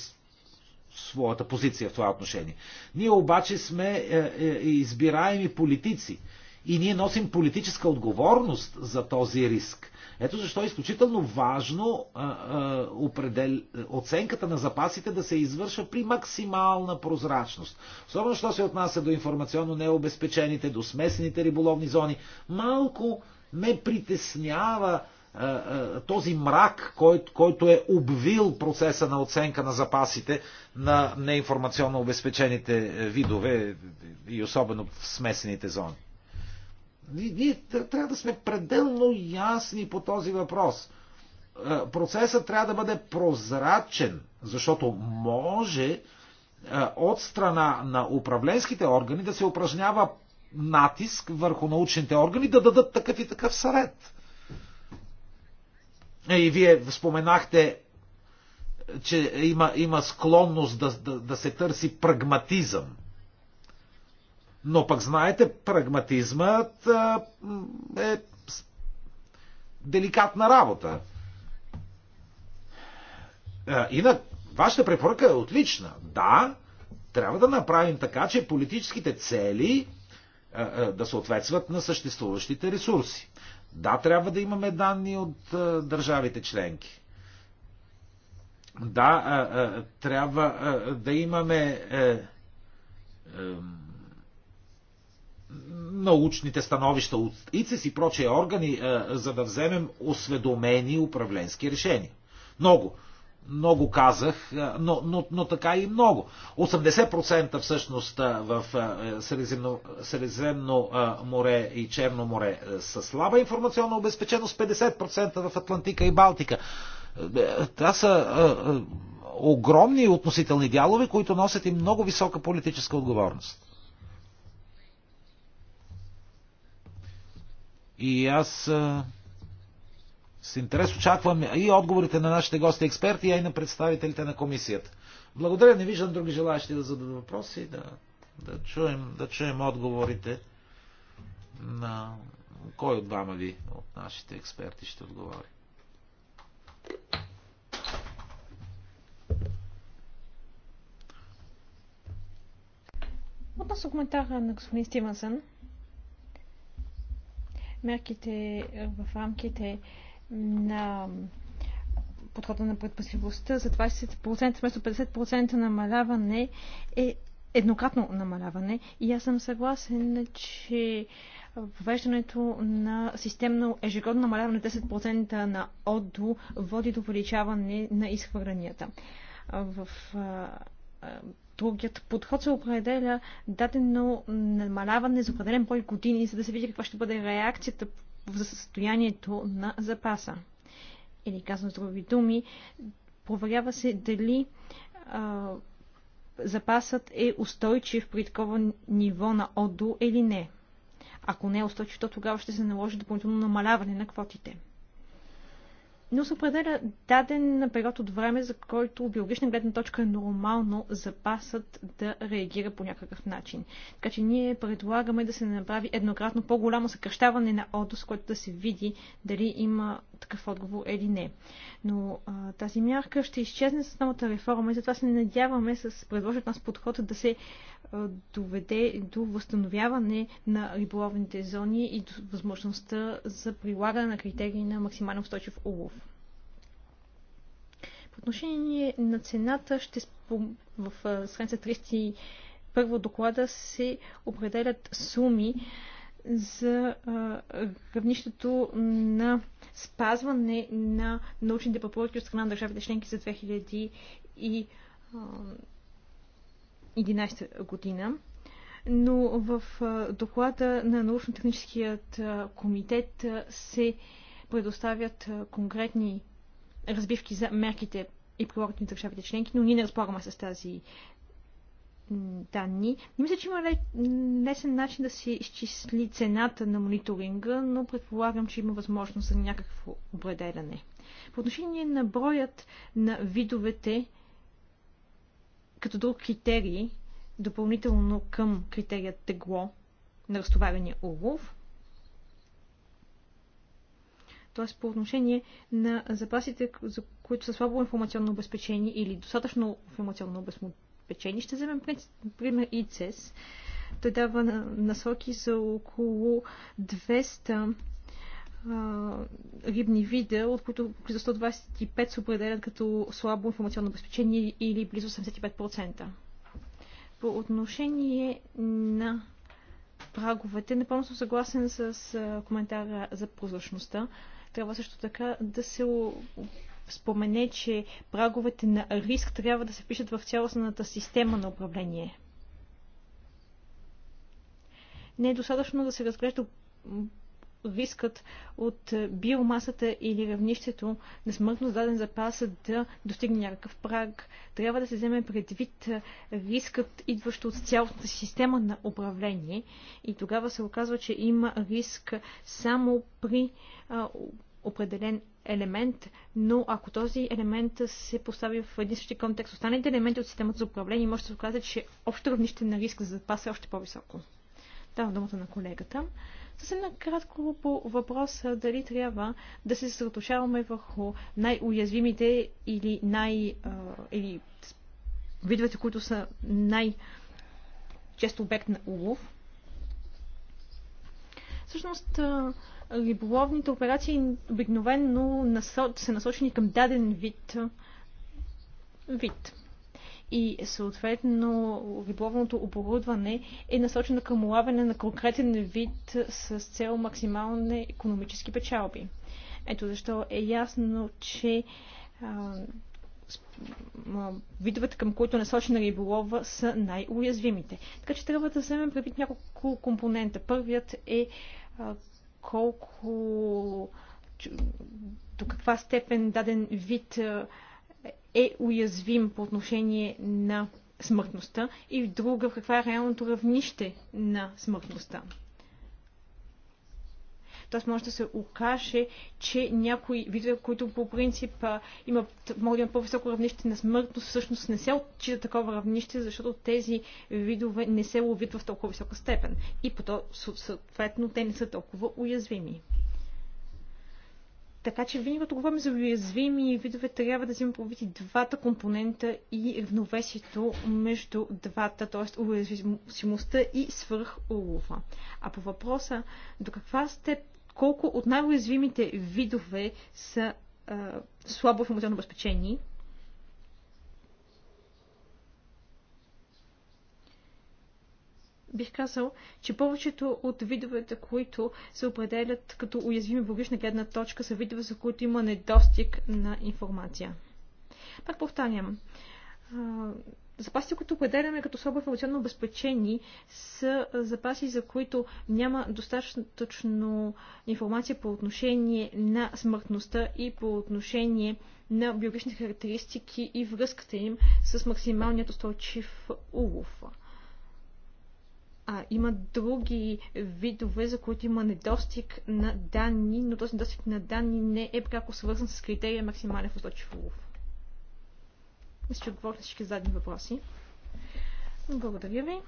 своята позиция в това отношение. Ние обаче сме е, е, избираеми политици и ние носим политическа отговорност за този риск. Ето защо е изключително важно а, а, определ... оценката на запасите да се извършва при максимална прозрачност. Особено, що се отнася до информационно необезпечените, до смесените риболовни зони. Малко ме притеснява този мрак, който, който е обвил процеса на оценка на запасите на неинформационно обезпечените е, видове и особено в смесените зони. Ние трябва да сме пределно ясни по този въпрос. Е, процесът трябва да бъде прозрачен, защото може е, от страна на управленските органи да се упражнява натиск върху научните органи да дадат такъв и такъв съвет. Е, и вие споменахте, че има, има склонност да, да, да се търси прагматизъм но пък знаете, прагматизмът е деликатна работа. Инак, вашата препоръка е отлична. Да, трябва да направим така, че политическите цели да съответстват на съществуващите ресурси. Да, трябва да имаме данни от държавите членки. Да, трябва да имаме е, научните становища от ИЦЕС и прочие органи, е, за да вземем осведомени управленски решения. Много. Много казах, е, но, но, но така и много. 80% всъщност е, в Средиземно, Средиземно море и Черно море са слаба информационна обезпеченост, 50% в Атлантика и Балтика. Това са огромни относителни дялове, които носят и много висока политическа отговорност. И аз с интерес очаквам и отговорите на нашите гости експерти, а и на представителите на комисията. Благодаря, не виждам други желаящи да зададат въпроси, да, да, чуем, да чуем отговорите на кой от двама ви от нашите експерти ще отговори. Относно коментара на господин Стивенсън, мерките е, в рамките на подхода на предпасливостта за 20% вместо 50% намаляване е еднократно намаляване и аз съм съгласен, че въвеждането на системно ежегодно намаляване на 10% на ОДО води до увеличаване на изхвърлянията. В Другият подход се определя дадено намаляване за определен брой години, за да се види каква ще бъде реакцията за състоянието на запаса. Или казвам с други думи, проверява се дали а, запасът е устойчив при такова ниво на ОДО или не. Ако не е устойчив, то тогава ще се наложи допълнително намаляване на квотите но се определя даден период от време, за който биологична гледна точка е нормално запасът да реагира по някакъв начин. Така че ние предлагаме да се направи еднократно по-голямо съкръщаване на отдос, което да се види дали има такъв отговор или не. Но а, тази мярка ще изчезне с новата реформа и затова се надяваме с предложен нас подход да се а, доведе до възстановяване на риболовните зони и до възможността за прилагане на критерии на максимално устойчив улов отношение на цената ще в страница 31 доклада се определят суми за а, равнището на спазване на научните препоръки от страна на държавите членки за 2011 година. Но в доклада на научно-техническият комитет се предоставят конкретни разбивки за мерките и прилагат на държавите членки, но ние не разполагаме с тази данни. Не мисля, че има лесен начин да се изчисли цената на мониторинга, но предполагам, че има възможност за някакво определяне. По отношение на броят на видовете, като друг критерий, допълнително към критерият тегло на разтоварения улов, т.е. по отношение на запасите, за които са слабо информационно обезпечени или достатъчно информационно обезпечени, ще вземем пример ИЦЕС. Той дава насоки за около 200 а, рибни вида, от които близо 125 се определят като слабо информационно обезпечение или близо 85%. По отношение на праговете. Напълно съм съгласен с коментара за прозрачността. Трябва също така да се спомене, че праговете на риск трябва да се пишат в цялостната система на управление. Не е достатъчно да се разглежда рискът от биомасата или равнището на смъртно даден запас да достигне някакъв праг. Трябва да се вземе предвид рискът, идващ от цялата система на управление и тогава се оказва, че има риск само при а, определен елемент, но ако този елемент се постави в един същи контекст, останалите елементи от системата за управление, може да се оказа, че общо равнище на риск за запаса е още по-високо. Давам думата на колегата. Съвсем накратко по въпроса дали трябва да се съсредоточаваме върху най-уязвимите или, най, а, или видовете, които са най-често обект на улов. Всъщност, риболовните операции обикновенно се насочени към даден вид вид и съответно риболовното оборудване е насочено към улавяне на конкретен вид с цел максимални економически печалби. Ето защо е ясно, че видовете, към които е насочена риболова, са най-уязвимите. Така че трябва да вземем предвид няколко компонента. Първият е а, колко до каква степен даден вид а, е уязвим по отношение на смъртността и друга в каква е реалното равнище на смъртността. Тоест може да се окаже, че някои видове, които по принцип имат, могат да имат по-високо равнище на смъртност, всъщност не се отчита такова равнище, защото тези видове не се ловят в толкова висока степен. И по то, съответно, те не са толкова уязвими. Така че винаги, когато говорим за уязвими видове, трябва да вземем предвид двата компонента и равновесието между двата, т.е. уязвимостта и свърхулова. А по въпроса до каква сте, колко от най-уязвимите видове са а, слабо информационно обезпечени, бих казал, че повечето от видовете, които се определят като уязвими биологична гледна точка, са видове, за които има недостиг на информация. Пак повтарям, запасите, които определяме като слабо информационно обезпечени, са запаси, за които няма достатъчно информация по отношение на смъртността и по отношение на биологичните характеристики и връзката им с максималният устойчив улов. А, има други видове, за които има недостиг на данни, но този недостиг на данни не е пряко свързан с критерия максимален устойчив улов. Мисля, че отговорих на всички задни въпроси. Благодаря ви.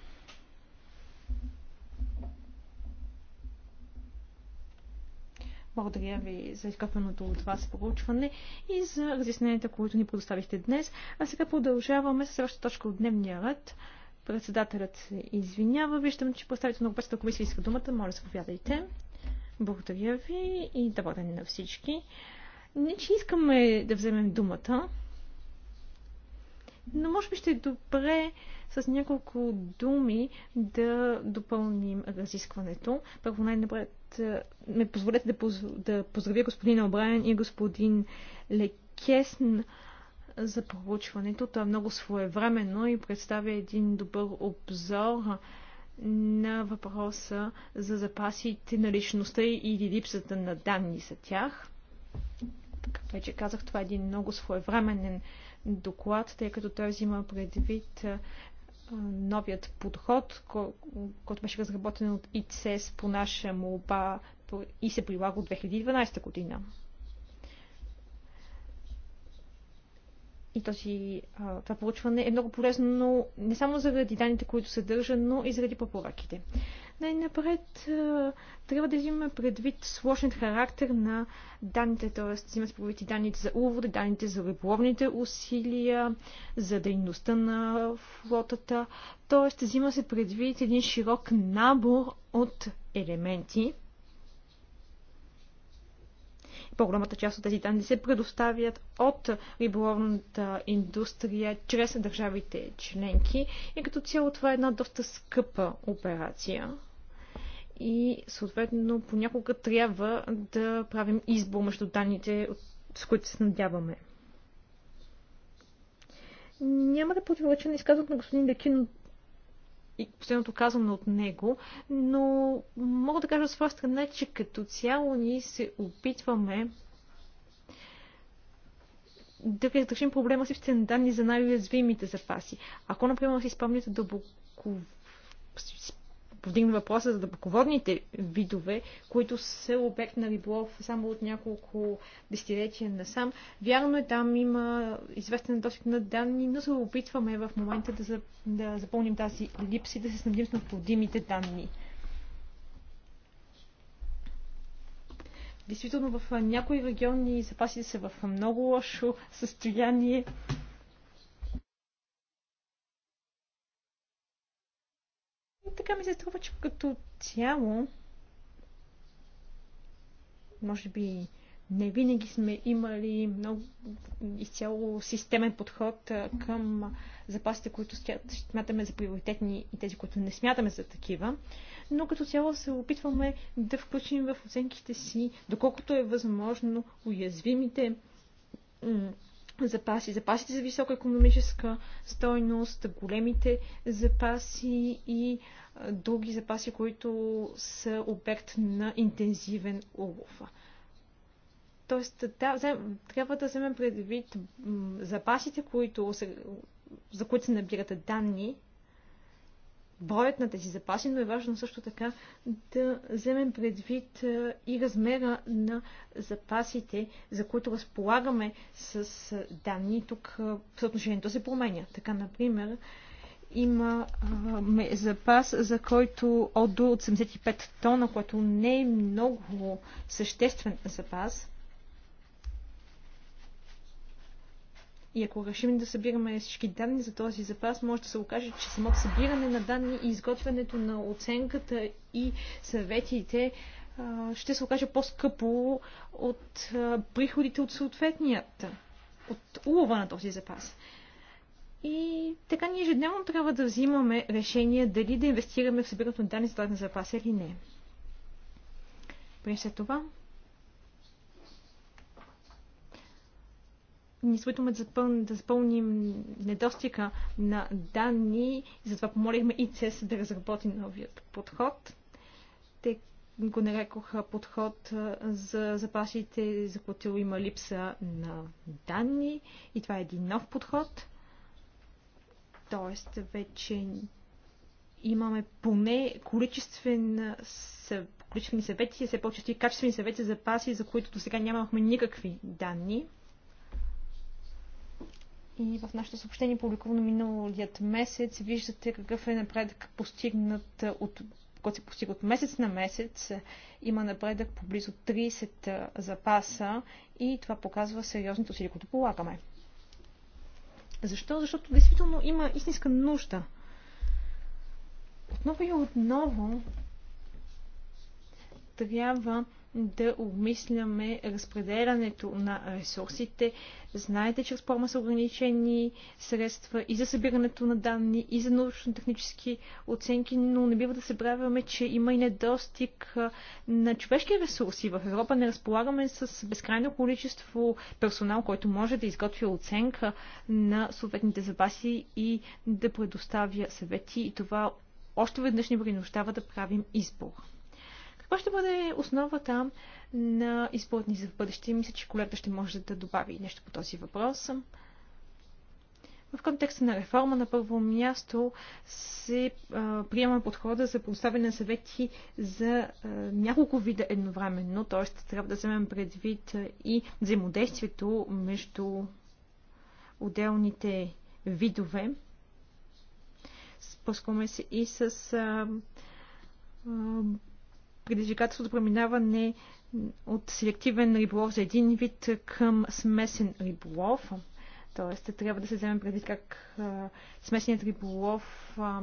Благодаря ви за изкъпеното от вас проучване и за разясненията, които ни предоставихте днес. А сега продължаваме с следващата точка от дневния ред. Председателят се извинява. Виждам, че представител на ви комисия иска думата. Моля, заповядайте. Благодаря ви и добър ден на всички. Не, че искаме да вземем думата, но може би ще е добре с няколко думи да допълним разискването. Първо най-напред е, ме позволете да, да поздравя господин Обраен и господин Лекесн за проучването. То е много своевременно и представя един добър обзор на въпроса за запасите на личността или липсата на данни за тях. Както вече казах, това е един много своевременен доклад, тъй като той взима предвид новият подход, който беше разработен от ИЦЕС по наша молба и се прилага от 2012 година. И този, а, това проучване е много полезно но не само заради данните, които съдържа, но и заради препоръките. Най-напред трябва да взимаме предвид сложният характер на данните, т.е. взимаме се предвид данните за уводи, данните за риболовните усилия, за дейността на флотата, т.е. взима се предвид един широк набор от елементи, по-голямата част от тези данни се предоставят от риболовната индустрия чрез държавите членки и като цяло това е една доста скъпа операция. И съответно понякога трябва да правим избор между данните, с които се надяваме. Няма да противореча на изказването на господин Декин и последното казано от него, но мога да кажа от своя страна, че като цяло ние се опитваме да разрешим проблема си в цени данни за най-уязвимите запаси. Ако, например, си спомняте дълбоко повдигна въпроса за дъбоководните видове, които са обект на риболов само от няколко десетилетия насам. Вярно е, там има известен достиг на данни, но се опитваме в момента да, да запълним тази липси, да се снабдим с необходимите данни. Действително в някои региони запасите са в много лошо състояние. Така ми се струва, че като цяло, може би не винаги сме имали много изцяло системен подход към запасите, които смятаме за приоритетни и тези, които не смятаме за такива, но като цяло се опитваме да включим в оценките си, доколкото е възможно, уязвимите запаси. Запасите за висока економическа стойност, големите запаси и други запаси, които са обект на интензивен улов. Тоест, да, трябва да вземем предвид запасите, които, за които се набират данни броят на тези запаси, но е важно също така да вземем предвид и размера на запасите, за които разполагаме с данни. Тук съотношението се променя. Така, например, има а, запас, за който от до 85 тона, което не е много съществен запас. И ако решим да събираме всички данни за този запас, може да се окаже, че самото събиране на данни и изготвянето на оценката и съветите ще се окаже по-скъпо от приходите от съответният, от улова на този запас. И така ние ежедневно трябва да взимаме решение дали да инвестираме в събирането на данни за този запас или не. При след това ни се опитваме да, запълн, да запълним недостига на данни и затова помолихме и ЦЕС да разработи новият подход. Те го нарекоха подход за запасите, за които има липса на данни и това е един нов подход. Тоест вече имаме поне количествен количествени съвети, все по-чести качествени съвети за запаси, за които до сега нямахме никакви данни. И в нашето съобщение, публикувано миналият месец, виждате какъв е напредък постигнат от който се постига от месец на месец, има напредък по близо 30 запаса и това показва сериозните усилия, които полагаме. Защо? Защото действително има истинска нужда. Отново и отново трябва да обмисляме разпределянето на ресурсите. Знаете, че спорма са ограничени средства и за събирането на данни, и за научно-технически оценки, но не бива да се правяме, че има и недостиг на човешки ресурси. В Европа не разполагаме с безкрайно количество персонал, който може да изготвя оценка на съответните запаси и да предоставя съвети. И това още веднъж ни принуждава да правим избор. Това ще бъде основата на изборът за бъдеще мисля, че колегата ще може да добави нещо по този въпрос. В контекста на реформа на първо място се а, приема подхода за поставяне на съвети за а, няколко вида едновременно, т.е. трябва да вземем предвид и взаимодействието между отделните видове. Спускаме се и с а, а, предизвикателството преминаване от селективен риболов за един вид към смесен риболов. Тоест, трябва да се вземе преди как а, смесеният риболов а,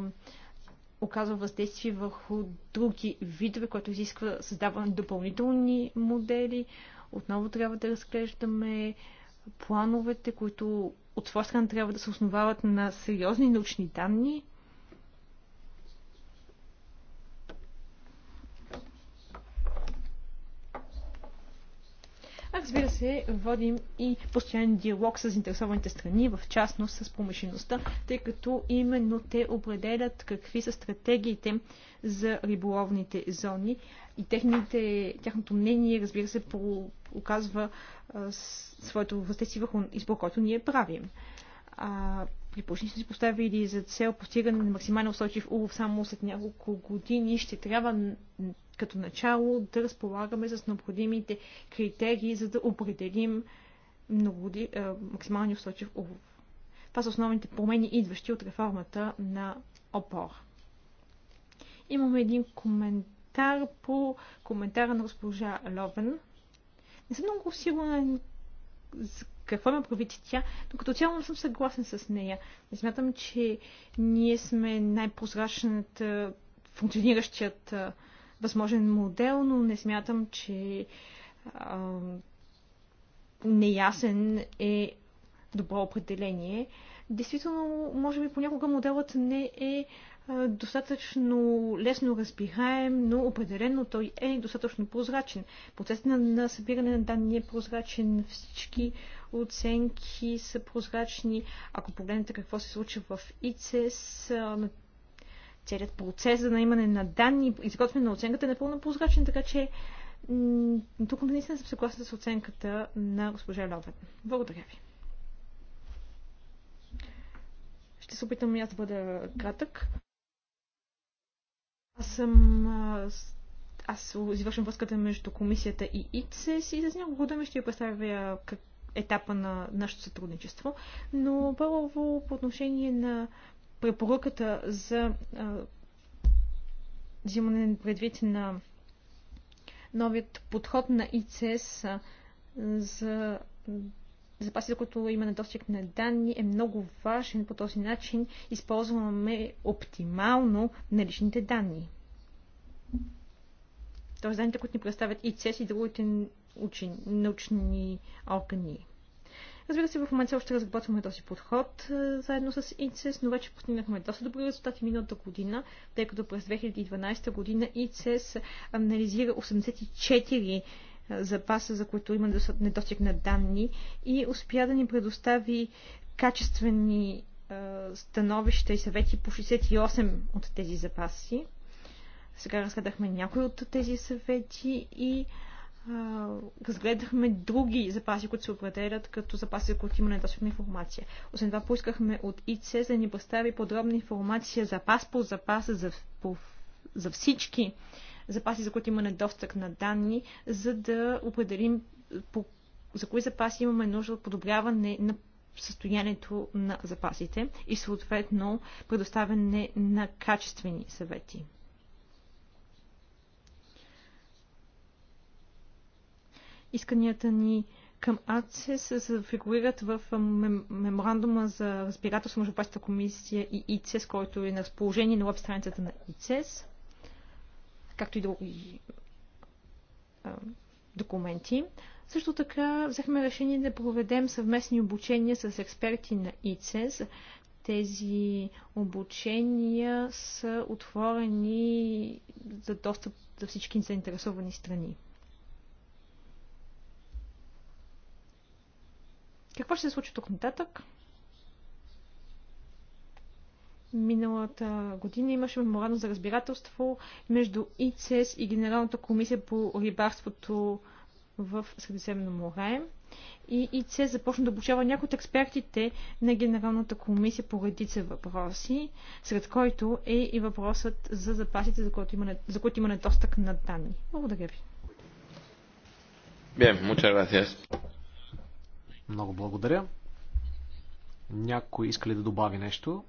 оказва въздействие върху други видове, което изисква създаване на допълнителни модели. Отново трябва да разглеждаме плановете, които от своя страна трябва да се основават на сериозни научни данни – разбира се, водим и постоянен диалог с заинтересованите страни, в частност с промишлеността, тъй като именно те определят какви са стратегиите за риболовните зони и техните, тяхното мнение, разбира се, по, оказва а, своето въздействие върху избор, който ние правим. А, при почти си поставили за цел постигане на максимално устойчив улов само след няколко години, ще трябва като начало да разполагаме с необходимите критерии, за да определим многоди, е, максимални устойчив улов. Това са основните промени, идващи от реформата на опор. Имаме един коментар по коментара на госпожа Ловен. Не съм много сигурна за какво ме правите тя, но като цяло не съм съгласен с нея. Не смятам, че ние сме най-прозрачната функциониращият е, възможен модел, но не смятам, че а, неясен е добро определение. Действително, може би понякога моделът не е достатъчно лесно разбираем, но определено той е достатъчно прозрачен. Процесът на, на събиране на данни е прозрачен, всички оценки са прозрачни. Ако погледнете какво се случва в ИЦЕС, целият процес за наимане на данни и изготвяне на оценката е напълно прозрачен, така че тук наистина съм съгласна с оценката на госпожа Льовен. Благодаря ви. Ще се опитам и аз да бъда кратък. Аз съм... Аз извършвам връзката между комисията и ИЦЕС и за няколко думи ще ви представя как етапа на нашето сътрудничество. Но първо по отношение на препоръката за взимане предвид на новият подход на ИЦС за запасите, които има недостиг на данни, е много важен. По този начин използваме оптимално наличните данни. Тоест данните, които ни представят ИЦС и другите учени, научни органи. Разбира се, в момента още разработваме този подход е, заедно с ИЦЕС, но вече постигнахме доста добри резултати миналата година, тъй като през 2012 година ИЦЕС анализира 84 е, запаса, за които има недостиг на данни и успя да ни предостави качествени е, становища и съвети по 68 от тези запаси. Сега разгледахме някои от тези съвети и разгледахме други запаси, които се определят като запаси, за които има недостатъчна информация. Освен това поискахме от ИЦЕ да ни представи подробна информация запас по запас за, по, за всички запаси, за които има недостъг на данни, за да определим по, за кои запаси имаме нужда от подобряване на състоянието на запасите и съответно предоставяне на качествени съвети. исканията ни към АЦЕ се фигурират в меморандума за разбирателство между Пащата комисия и ИЦЕС, който е на разположение на веб-страницата на ИЦЕС, както и други а, документи. Също така взехме решение да проведем съвместни обучения с експерти на ИЦЕС. Тези обучения са отворени за достъп за всички заинтересовани страни. Какво ще се случи тук нататък? Миналата година имаше меморандум за разбирателство между ИЦЕС и Генералната комисия по рибарството в Средиземно море. И ИЦЕС започна да обучава някои от експертите на Генералната комисия по редица въпроси, сред който е и въпросът за запасите, за които има, за които има недостъг на данни. Благодаря ви. Bien, muchas gracias. Много благодаря. Някой иска ли да добави нещо?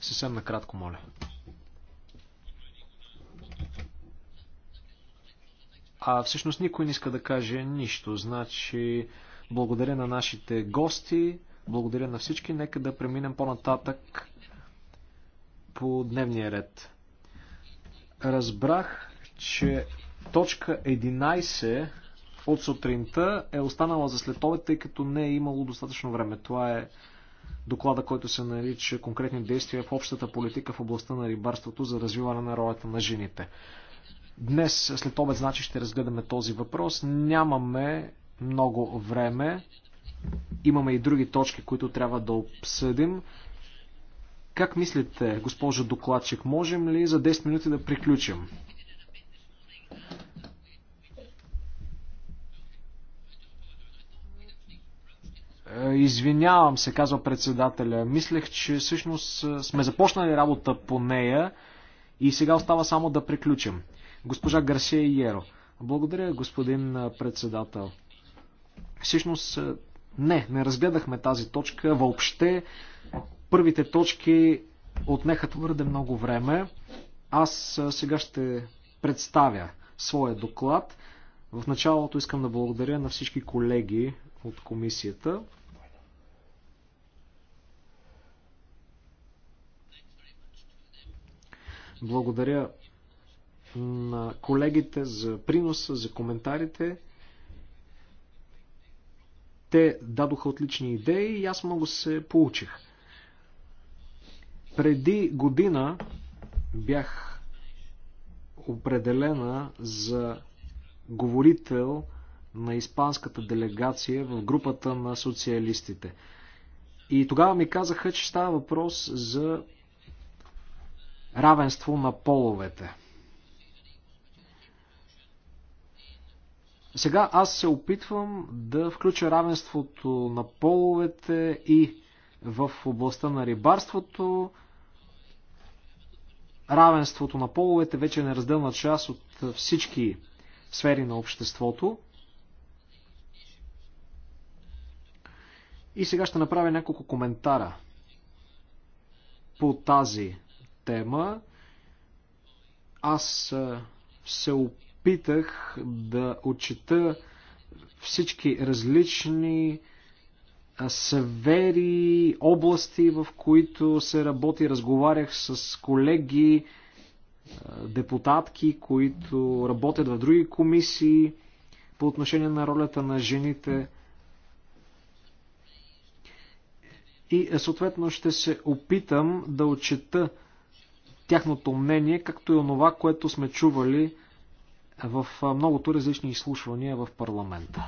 Съвсем накратко, моля. А всъщност никой не иска да каже нищо. Значи, благодаря на нашите гости, благодаря на всички. Нека да преминем по-нататък по дневния ред. Разбрах, че точка 11 от сутринта е останала за следове, тъй като не е имало достатъчно време. Това е доклада, който се нарича конкретни действия в общата политика в областта на рибарството за развиване на ролята на жените. Днес, след обед, значи ще разгледаме този въпрос. Нямаме много време. Имаме и други точки, които трябва да обсъдим. Как мислите, госпожо докладчик, можем ли за 10 минути да приключим? Е, извинявам се, казва председателя. Мислех, че всъщност е, сме започнали работа по нея и сега остава само да приключим. Госпожа Гарсия Иеро. Благодаря, господин е, председател. Всъщност, не, не разгледахме тази точка въобще. Първите точки отнеха твърде много време. Аз сега ще представя своя доклад. В началото искам да благодаря на всички колеги от комисията. Благодаря на колегите за приноса, за коментарите. Те дадоха отлични идеи и аз много се получих. Преди година бях определена за говорител на испанската делегация в групата на социалистите. И тогава ми казаха, че става въпрос за равенство на половете. Сега аз се опитвам да включа равенството на половете и в областта на рибарството. Равенството на половете вече е неразделна част от всички сфери на обществото. И сега ще направя няколко коментара по тази тема. Аз се опитах да отчита всички различни сфери, области, в които се работи. Разговарях с колеги, депутатки, които работят в други комисии по отношение на ролята на жените. и е, съответно ще се опитам да отчета тяхното мнение, както и онова, което сме чували в многото различни изслушвания в парламента.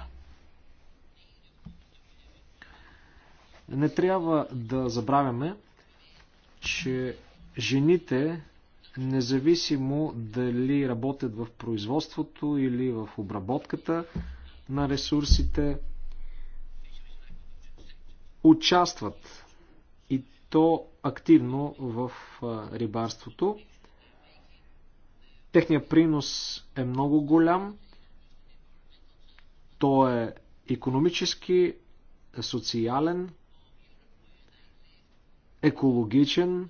Не трябва да забравяме, че жените, независимо дали работят в производството или в обработката на ресурсите, участват и то активно в рибарството. Техният принос е много голям. то е економически, социален, екологичен.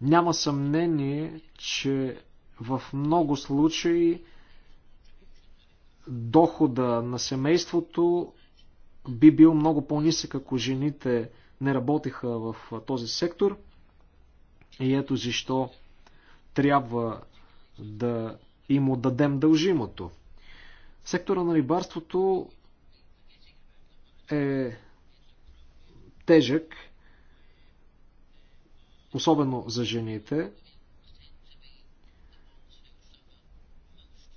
Няма съмнение, че в много случаи дохода на семейството би бил много по-нисък, ако жените не работеха в този сектор. И ето защо трябва да им отдадем дължимото. Сектора на рибарството е тежък, особено за жените.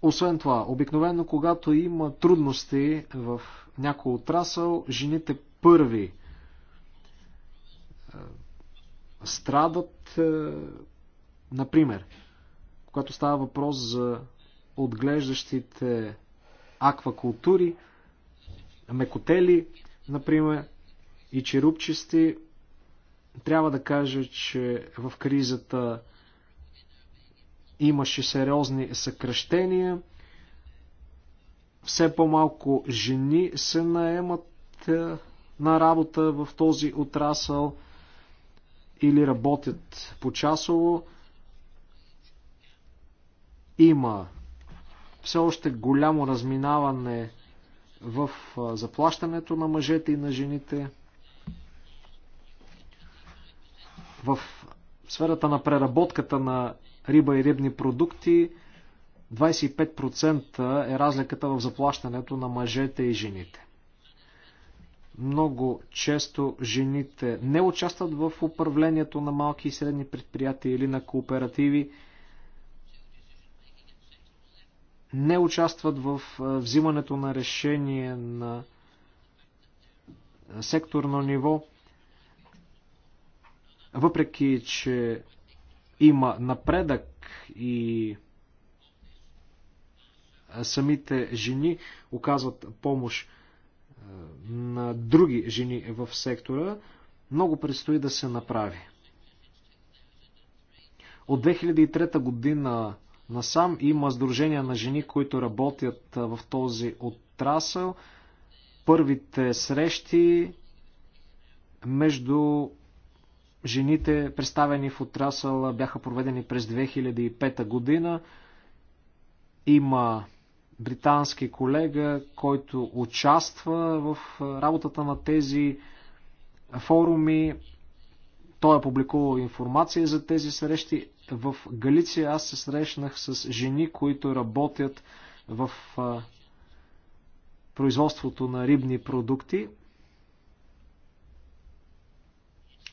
Освен това, обикновено когато има трудности в някой отрасъл, жените първи е, страдат, е, например, когато става въпрос за отглеждащите аквакултури, мекотели, например, и черупчести, трябва да кажа, че в кризата имаше сериозни съкръщения все по-малко жени се наемат е, на работа в този отрасъл или работят почасово. Има все още голямо разминаване в е, заплащането на мъжете и на жените. В сферата на преработката на риба и рибни продукти 25% е разликата в заплащането на мъжете и жените. Много често жените не участват в управлението на малки и средни предприятия или на кооперативи, не участват в взимането на решение на секторно ниво, въпреки че има напредък и самите жени оказват помощ на други жени в сектора. Много предстои да се направи. От 2003 година насам има сдружения на жени, които работят в този отрасъл. Първите срещи между жените, представени в отрасъл, бяха проведени през 2005 година. Има британски колега, който участва в работата на тези форуми. Той е публикувал информация за тези срещи. В Галиция аз се срещнах с жени, които работят в производството на рибни продукти.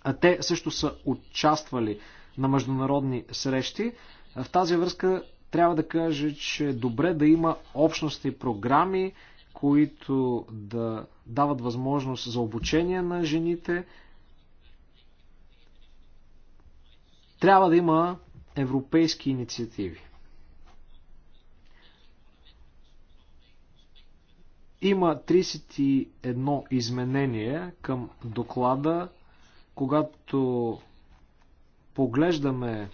А те също са участвали на международни срещи. В тази връзка трябва да кажа, че е добре да има общности и програми, които да дават възможност за обучение на жените. Трябва да има европейски инициативи. Има 31 изменение към доклада. Когато поглеждаме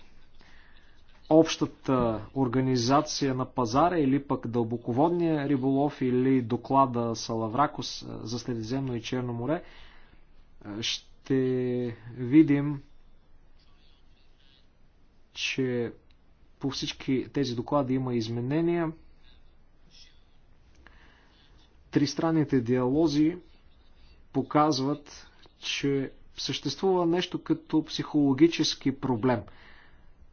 общата организация на пазара или пък дълбоководния риболов или доклада Салавракос е, за Средиземно и Черно море, е, ще видим, че по всички тези доклади има изменения. Тристранните диалози показват, че съществува нещо като психологически проблем –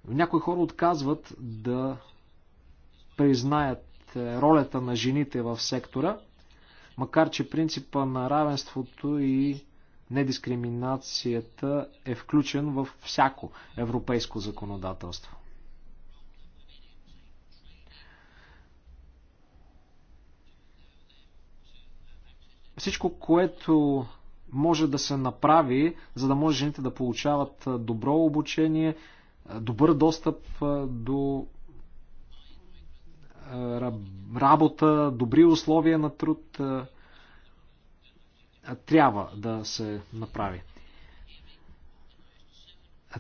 някои хора отказват да признаят е, ролята на жените в сектора, макар че принципа на равенството и недискриминацията е включен в всяко европейско законодателство. Всичко, което може да се направи, за да може жените да получават е, добро обучение, добър достъп до работа, добри условия на труд трябва да се направи.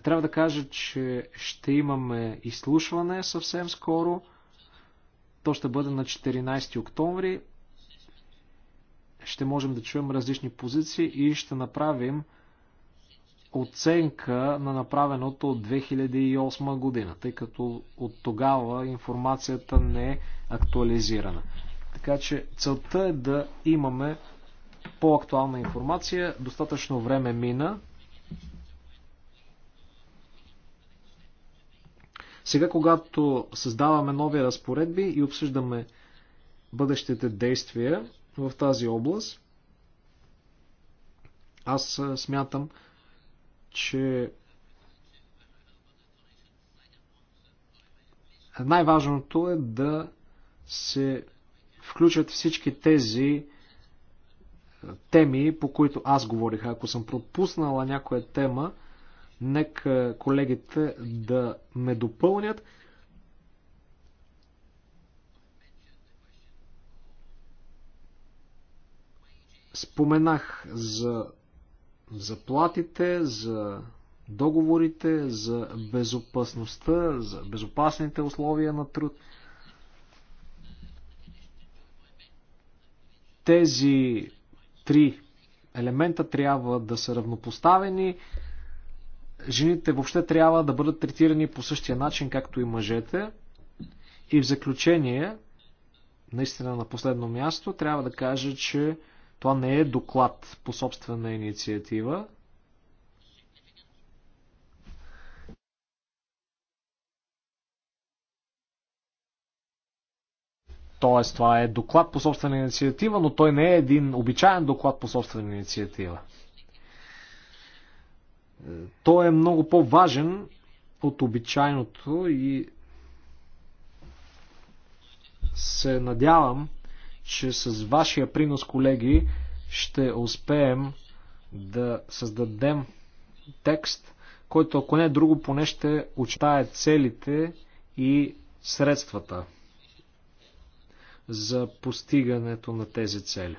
Трябва да кажа, че ще имаме изслушване съвсем скоро. То ще бъде на 14 октомври. Ще можем да чуем различни позиции и ще направим оценка на направеното от 2008 година, тъй като от тогава информацията не е актуализирана. Така че целта е да имаме по-актуална информация. Достатъчно време мина. Сега, когато създаваме нови разпоредби и обсъждаме бъдещите действия в тази област, аз смятам, че най-важното е да се включат всички тези е, теми, по които аз говорих. Ако съм пропуснала някоя тема, нека колегите да ме допълнят. Споменах за заплатите, за договорите, за безопасността, за безопасните условия на труд. Тези три елемента трябва да са равнопоставени. Жените въобще трябва да бъдат третирани по същия начин, както и мъжете. И в заключение, наистина на последно място, трябва да кажа, че това не е доклад по собствена инициатива. Тоест, това е доклад по собствена инициатива, но той не е един обичайен доклад по собствена инициатива. Той е много по-важен от обичайното и се надявам, че с вашия принос, колеги, ще успеем да създадем текст, който ако не друго, поне ще очитае целите и средствата за постигането на тези цели.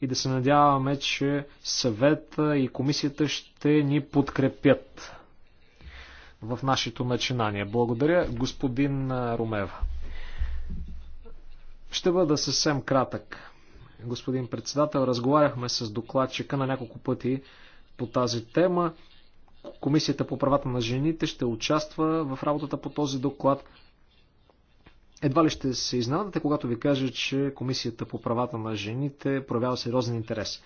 И да се надяваме, че съвета и комисията ще ни подкрепят в нашето начинание. Благодаря, господин Румева. Ще бъда съвсем кратък. Господин председател, разговаряхме с докладчика на няколко пъти по тази тема. Комисията по правата на жените ще участва в работата по този доклад. Едва ли ще се изненадате, когато ви кажа, че Комисията по правата на жените проявява сериозен интерес.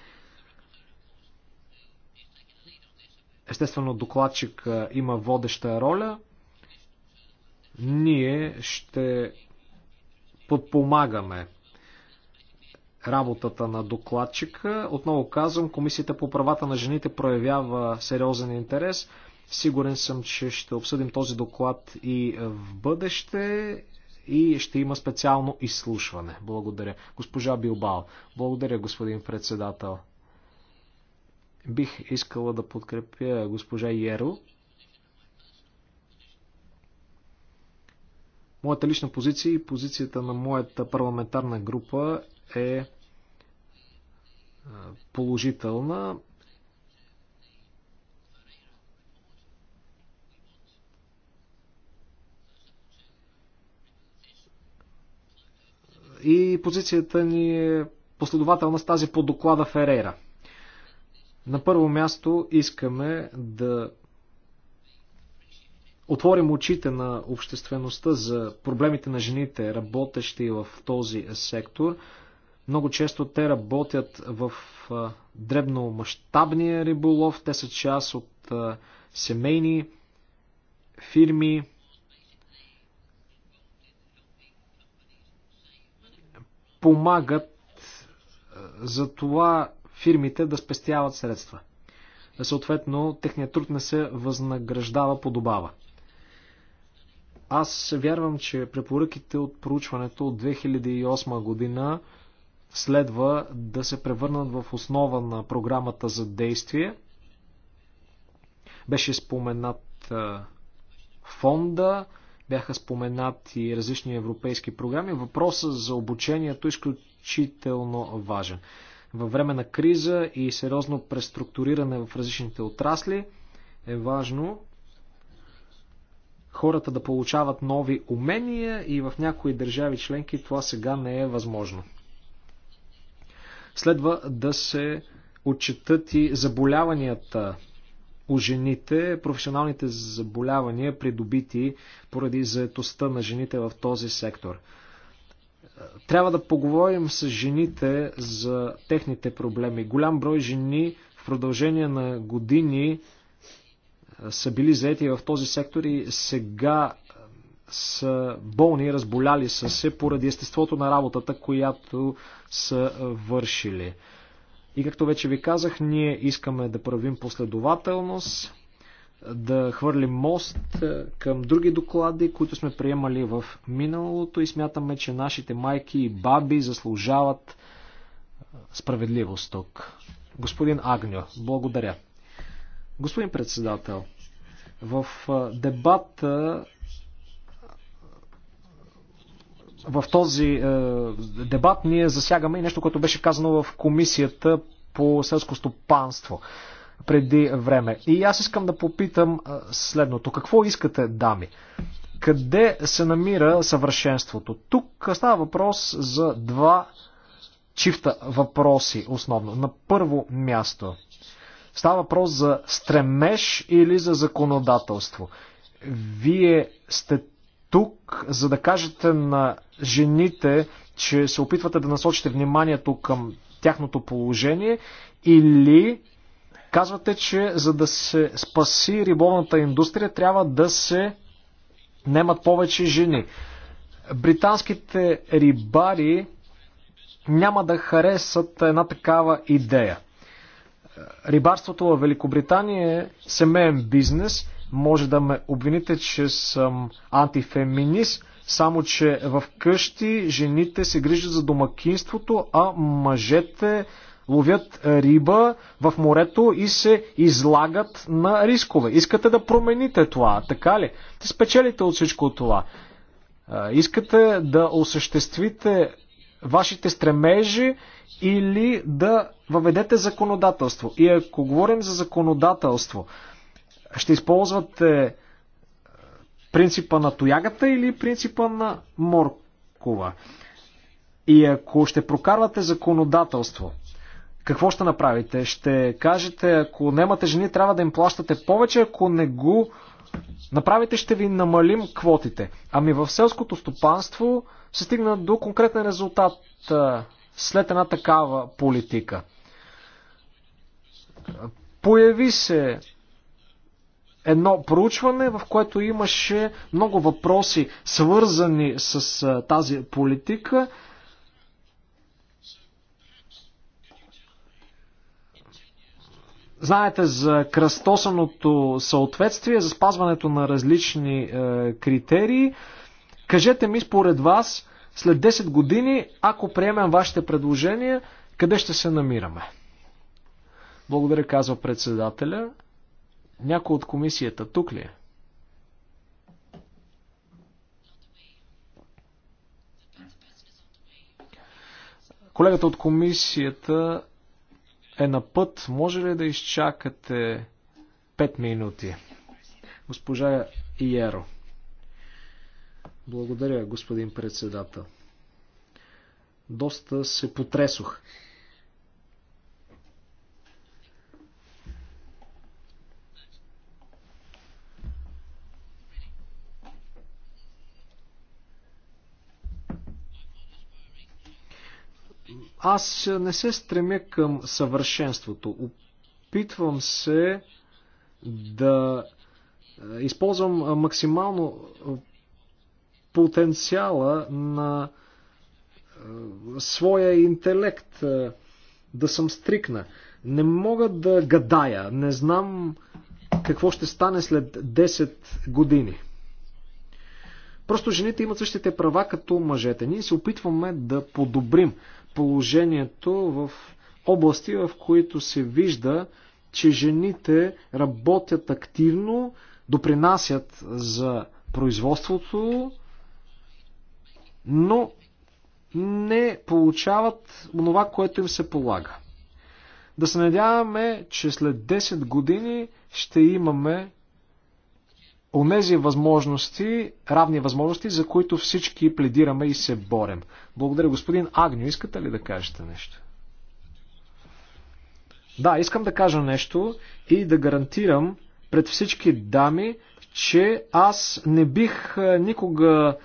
Естествено, докладчик има водеща роля. Ние ще подпомагаме работата на докладчика. Отново казвам, Комисията по правата на жените проявява сериозен интерес. Сигурен съм, че ще обсъдим този доклад и в бъдеще и ще има специално изслушване. Благодаря. Госпожа Билбао. Благодаря, господин председател. Бих искала да подкрепя госпожа Еро Моята лична позиция и позицията на моята парламентарна група е, е положителна. И позицията ни е последователна с тази по доклада Ферейра. На първо място искаме да отворим очите на обществеността за проблемите на жените, работещи в този сектор. Много често те работят в дребномащабния риболов, те са част от семейни фирми. Помагат за това фирмите да спестяват средства. Съответно, техният труд не се възнаграждава подобава. Аз вярвам, че препоръките от проучването от 2008 година следва да се превърнат в основа на програмата за действие. Беше споменат фонда, бяха споменати различни европейски програми. Въпросът за обучението е изключително важен. Във време на криза и сериозно преструктуриране в различните отрасли е важно хората да получават нови умения и в някои държави членки това сега не е възможно. Следва да се отчитат и заболяванията у жените, професионалните заболявания, придобити поради заетостта на жените в този сектор. Трябва да поговорим с жените за техните проблеми. Голям брой жени в продължение на години са били заети в този сектор и сега са болни, разболяли са се поради естеството на работата, която са вършили. И както вече ви казах, ние искаме да правим последователност, да хвърлим мост към други доклади, които сме приемали в миналото и смятаме, че нашите майки и баби заслужават справедливост тук. Господин Агньо, благодаря. Господин председател, в дебата в този е, дебат ние засягаме и нещо, което беше казано в комисията по селско стопанство преди време. И аз искам да попитам следното. Какво искате, дами? Къде се намира съвършенството? Тук става въпрос за два чифта въпроси основно. На първо място – Става въпрос за стремеж или за законодателство. Вие сте тук, за да кажете на жените, че се опитвате да насочите вниманието към тяхното положение или казвате, че за да се спаси риболната индустрия трябва да се немат повече жени. Британските рибари няма да харесат една такава идея. Рибарството в Великобритания е семейен бизнес. Може да ме обвините, че съм антифеминист, само че в къщи жените се грижат за домакинството, а мъжете ловят риба в морето и се излагат на рискове. Искате да промените това, така ли? Те спечелите от всичко това. Искате да осъществите вашите стремежи или да въведете законодателство. И ако говорим за законодателство, ще използвате е, принципа на тоягата или принципа на моркова? И ако ще прокарвате законодателство, какво ще направите? Ще кажете, ако немате жени, трябва да им плащате повече, ако не го направите, ще ви намалим квотите. Ами в селското стопанство се стигна до конкретен резултат след една такава политика. Появи се едно проучване, в което имаше много въпроси, свързани с тази политика. Знаете за кръстосаното съответствие, за спазването на различни е, критерии. Е, Кажете ми според вас, след 10 години, ако приемем вашите предложения, къде ще се намираме? Благодаря, казва председателя. Някой от комисията тук ли е? Колегата от комисията е на път. Може ли да изчакате 5 минути? Госпожа Иеро. Благодаря, господин председател. Доста се потресох. Аз не се стремя към съвършенството. Опитвам се да е, използвам е, максимално е, потенциала на е, своя интелект, е, да съм стрикна. Не мога да гадая, не знам какво ще стане след 10 години. Просто жените имат същите права като мъжете. Ние се опитваме да подобрим положението в области, в които се вижда, че жените работят активно, допринасят за производството, но не получават това, което им се полага. Да се надяваме, че след 10 години ще имаме онези възможности, равни възможности, за които всички пледираме и се борем. Благодаря, господин Агню. Искате ли да кажете нещо? Да, искам да кажа нещо и да гарантирам пред всички дами, че аз не бих никога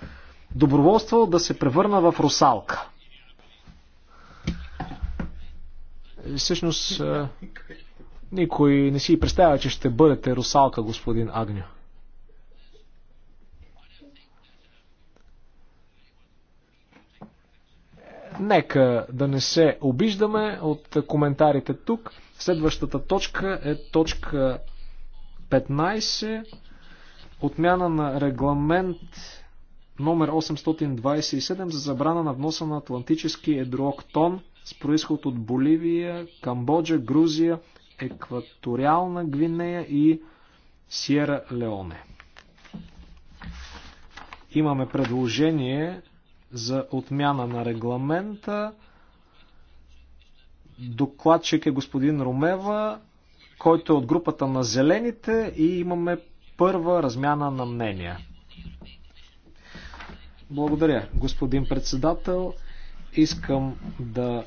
доброволство да се превърна в русалка. Всъщност, никой не си представя, че ще бъдете русалка, господин Агня. Нека да не се обиждаме от коментарите тук. Следващата точка е точка 15. Отмяна на регламент номер 827 за забрана на вноса на атлантически едроктон с происход от Боливия, Камбоджа, Грузия, Екваториална Гвинея и Сиера Леоне. Имаме предложение за отмяна на регламента. Докладчик е господин Ромева, който е от групата на зелените и имаме първа размяна на мнения. Благодаря, господин председател. Искам да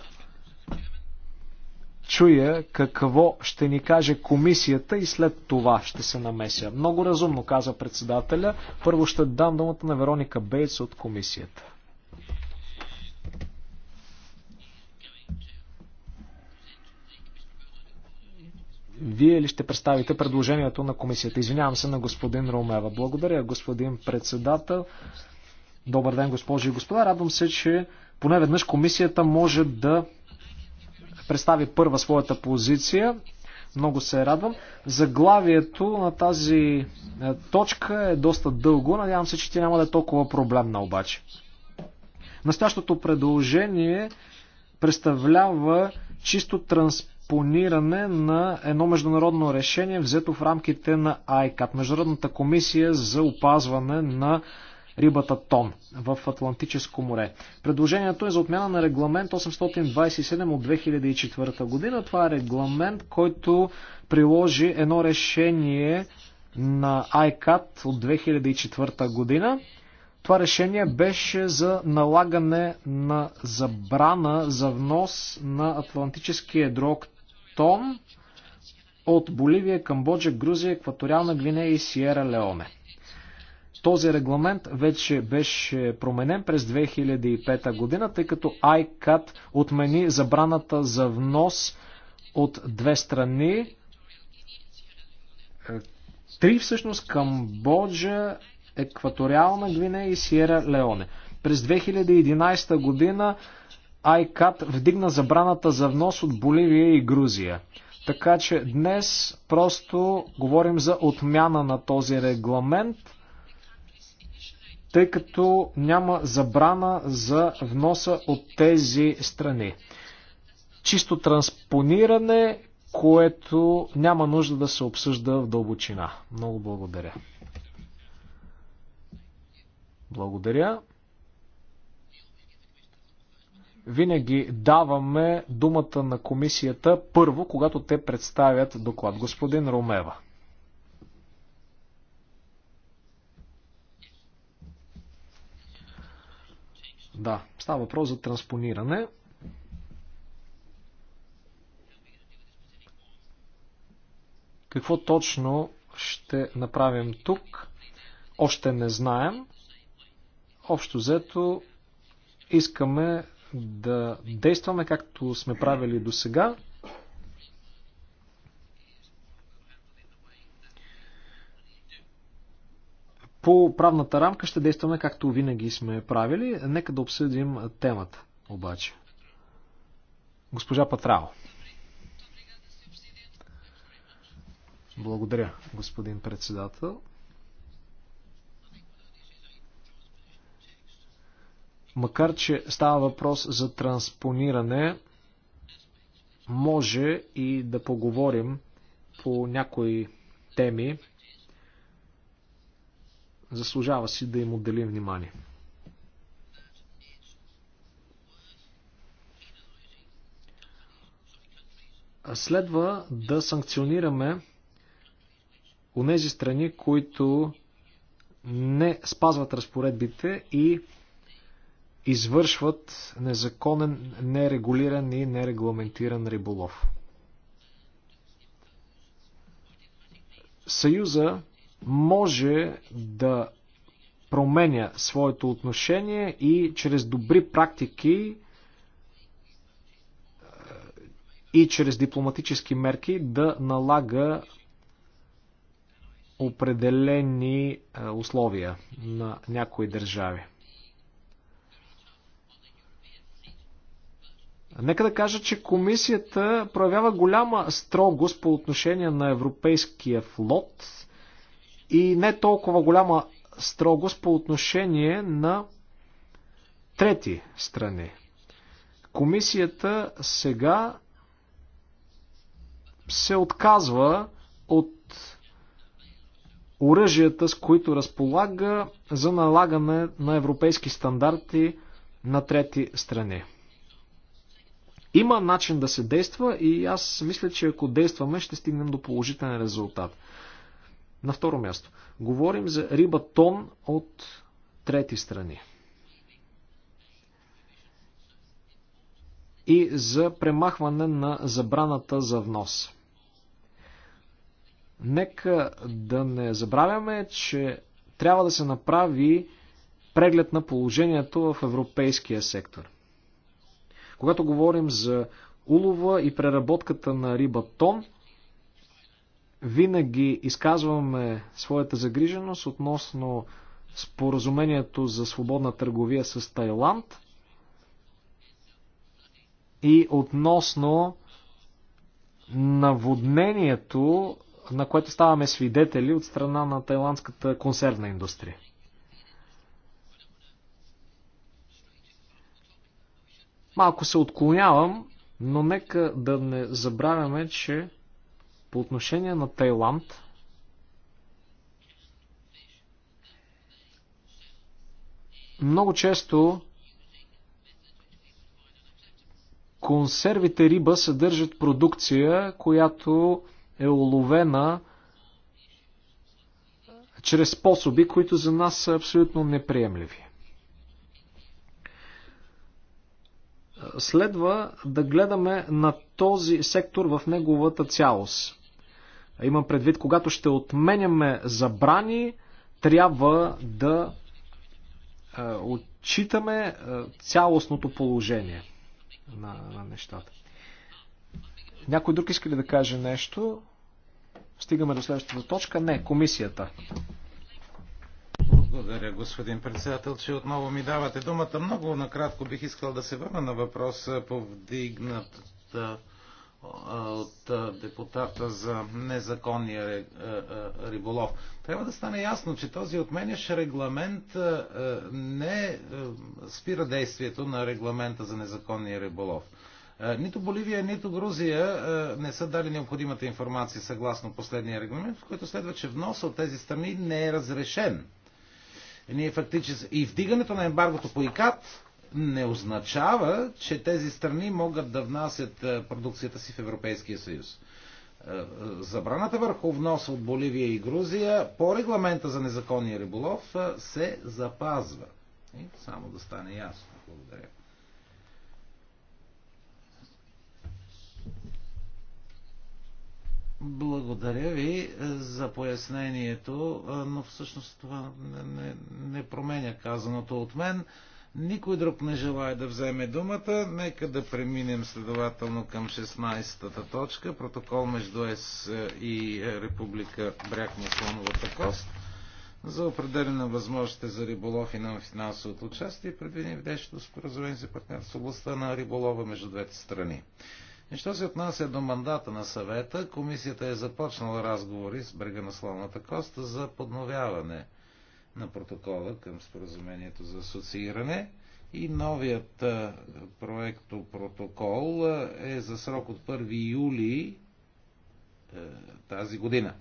чуя какво ще ни каже комисията и след това ще се намеся. Много разумно, каза председателя. Първо ще дам думата на Вероника Бейтс от комисията. Вие ли ще представите предложението на комисията? Извинявам се на господин Ромева. Благодаря, господин председател. Добър ден, госпожи и господа. Радвам се, че поне веднъж комисията може да представи първа своята позиция. Много се радвам. Заглавието на тази е, точка е доста дълго. Надявам се, че ти няма да е толкова проблемна обаче. Настоящото предложение представлява чисто транспониране на едно международно решение, взето в рамките на ICAT, Международната комисия за опазване на рибата тон в Атлантическо море. Предложението е за отмяна на регламент 827 от 2004 година. Това е регламент, който приложи едно решение на ICAT от 2004 година. Това решение беше за налагане на забрана за внос на Атлантическия дрог тон от Боливия, Камбоджа, Грузия, Екваториална Гвинея и Сиера Леоне. Този регламент вече беше променен през 2005 година, тъй като ICAT отмени забраната за внос от две страни. Три всъщност Камбоджа, Екваториална Гвинея и Сиера Леоне. През 2011 година ICAT вдигна забраната за внос от Боливия и Грузия. Така че днес просто говорим за отмяна на този регламент – тъй като няма забрана за вноса от тези страни. Чисто транспониране, което няма нужда да се обсъжда в дълбочина. Много благодаря. Благодаря. Винаги даваме думата на комисията първо, когато те представят доклад. Господин Ромева. Да, става въпрос за транспониране. Какво точно ще направим тук, още не знаем. Общо взето искаме да действаме както сме правили до сега, По правната рамка ще действаме както винаги сме правили. Нека да обсъдим темата обаче. Госпожа Патрао. Благодаря, господин председател. Макар, че става въпрос за транспониране, може и да поговорим по някои теми, Заслужава си да им отделим внимание. Следва да санкционираме онези страни, които не спазват разпоредбите и извършват незаконен, нерегулиран и нерегламентиран риболов. Съюза може да променя своето отношение и чрез добри практики е, и чрез дипломатически мерки да налага определени е, условия на някои държави. Нека да кажа, че комисията проявява голяма строгост по отношение на европейския флот и не толкова голяма строгост по отношение на трети страни. Комисията сега се отказва от оръжията, с които разполага за налагане на европейски стандарти на трети страни. Има начин да се действа и аз мисля, че ако действаме, ще стигнем до положителен резултат. На второ място, говорим за риба тон от трети страни. И за премахване на забраната за внос. Нека да не забравяме, че трябва да се направи преглед на положението в европейския сектор. Когато говорим за улова и преработката на риба тон, винаги изказваме своята загриженост относно споразумението за свободна търговия с Тайланд и относно наводнението, на което ставаме свидетели от страна на тайландската консервна индустрия. Малко се отклонявам, но нека да не забравяме, че по отношение на Тайланд, много често консервите риба съдържат продукция, която е уловена чрез способи, които за нас са абсолютно неприемливи. Следва да гледаме на този сектор в неговата цялост. Имам предвид, когато ще отменяме забрани, трябва да е, отчитаме е, цялостното положение на, на нещата. Някой друг иска ли да каже нещо? Стигаме до следващата точка. Не, комисията. Благодаря, господин председател, че отново ми давате думата. Много накратко бих искал да се върна на въпроса повдигнат от депутата за незаконния е, е, е, риболов. Трябва да стане ясно, че този отменящ регламент не спира действието на регламента за незаконния риболов. Нито Боливия, нито Грузия не са дали необходимата информация съгласно последния регламент, в който следва, че вноса от тези страни не е разрешен. Ние фактически и вдигането на ембаргото по ИКАТ не означава, че тези страни могат да внасят е, продукцията си в Европейския съюз. Е, е, забраната върху внос от Боливия и Грузия по регламента за незаконния риболов се запазва. И само да стане ясно. Благодаря. Благодаря ви за пояснението, но всъщност това не, не, не променя казаното от мен. Никой друг не желая да вземе думата. Нека да преминем следователно към 16-та точка. Протокол между ЕС и Република Бряг на Слоновата кост за определене възможности за риболов и на финансовото участие, предвидени в днешното споразумение за партнерство в областта на риболова между двете страни. И що се отнася до мандата на съвета, комисията е започнала разговори с брега на Слоната коста за подновяване – на протокола към споразумението за асоцииране. И новият проекто протокол е за срок от 1 юли тази година.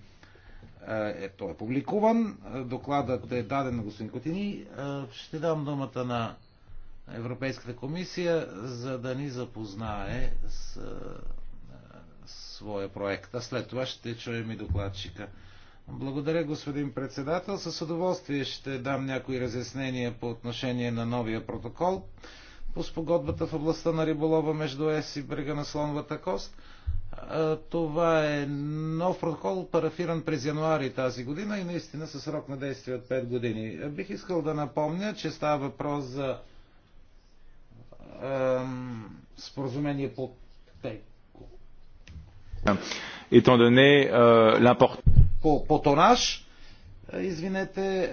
Е, той е публикуван, докладът е даден на господин Котини. Ще дам думата на Европейската комисия, за да ни запознае с своя проект. А след това ще чуем и докладчика. Благодаря, господин председател. С удоволствие ще дам някои разяснения по отношение на новия протокол по спогодбата в областта на риболова между ЕС и брега на Слоновата кост. Това е нов протокол, парафиран през януари тази година и наистина със срок на действие от 5 години. Бих искал да напомня, че става въпрос за ем, споразумение по тейко. Étant donné euh, по, по тонаж, е, извинете, е,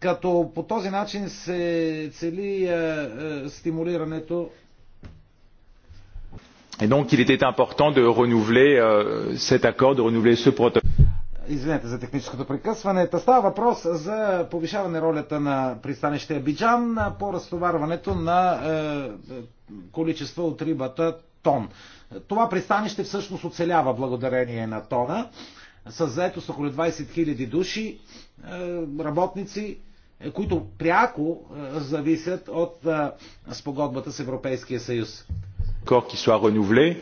като по този начин се цели е, стимулирането. Et donc il était important de renouveler euh, cet accord, de renouveler ce protocole. Извинете за техническото прекъсване. Та става въпрос за повишаване ролята на пристанище Абиджан по разтоварването на е, количество от рибата тон. Това пристанище всъщност оцелява благодарение на тона с заетост около 20 000 души, работници, които пряко зависят от спогодбата с Европейския съюз. Qui са renouvelé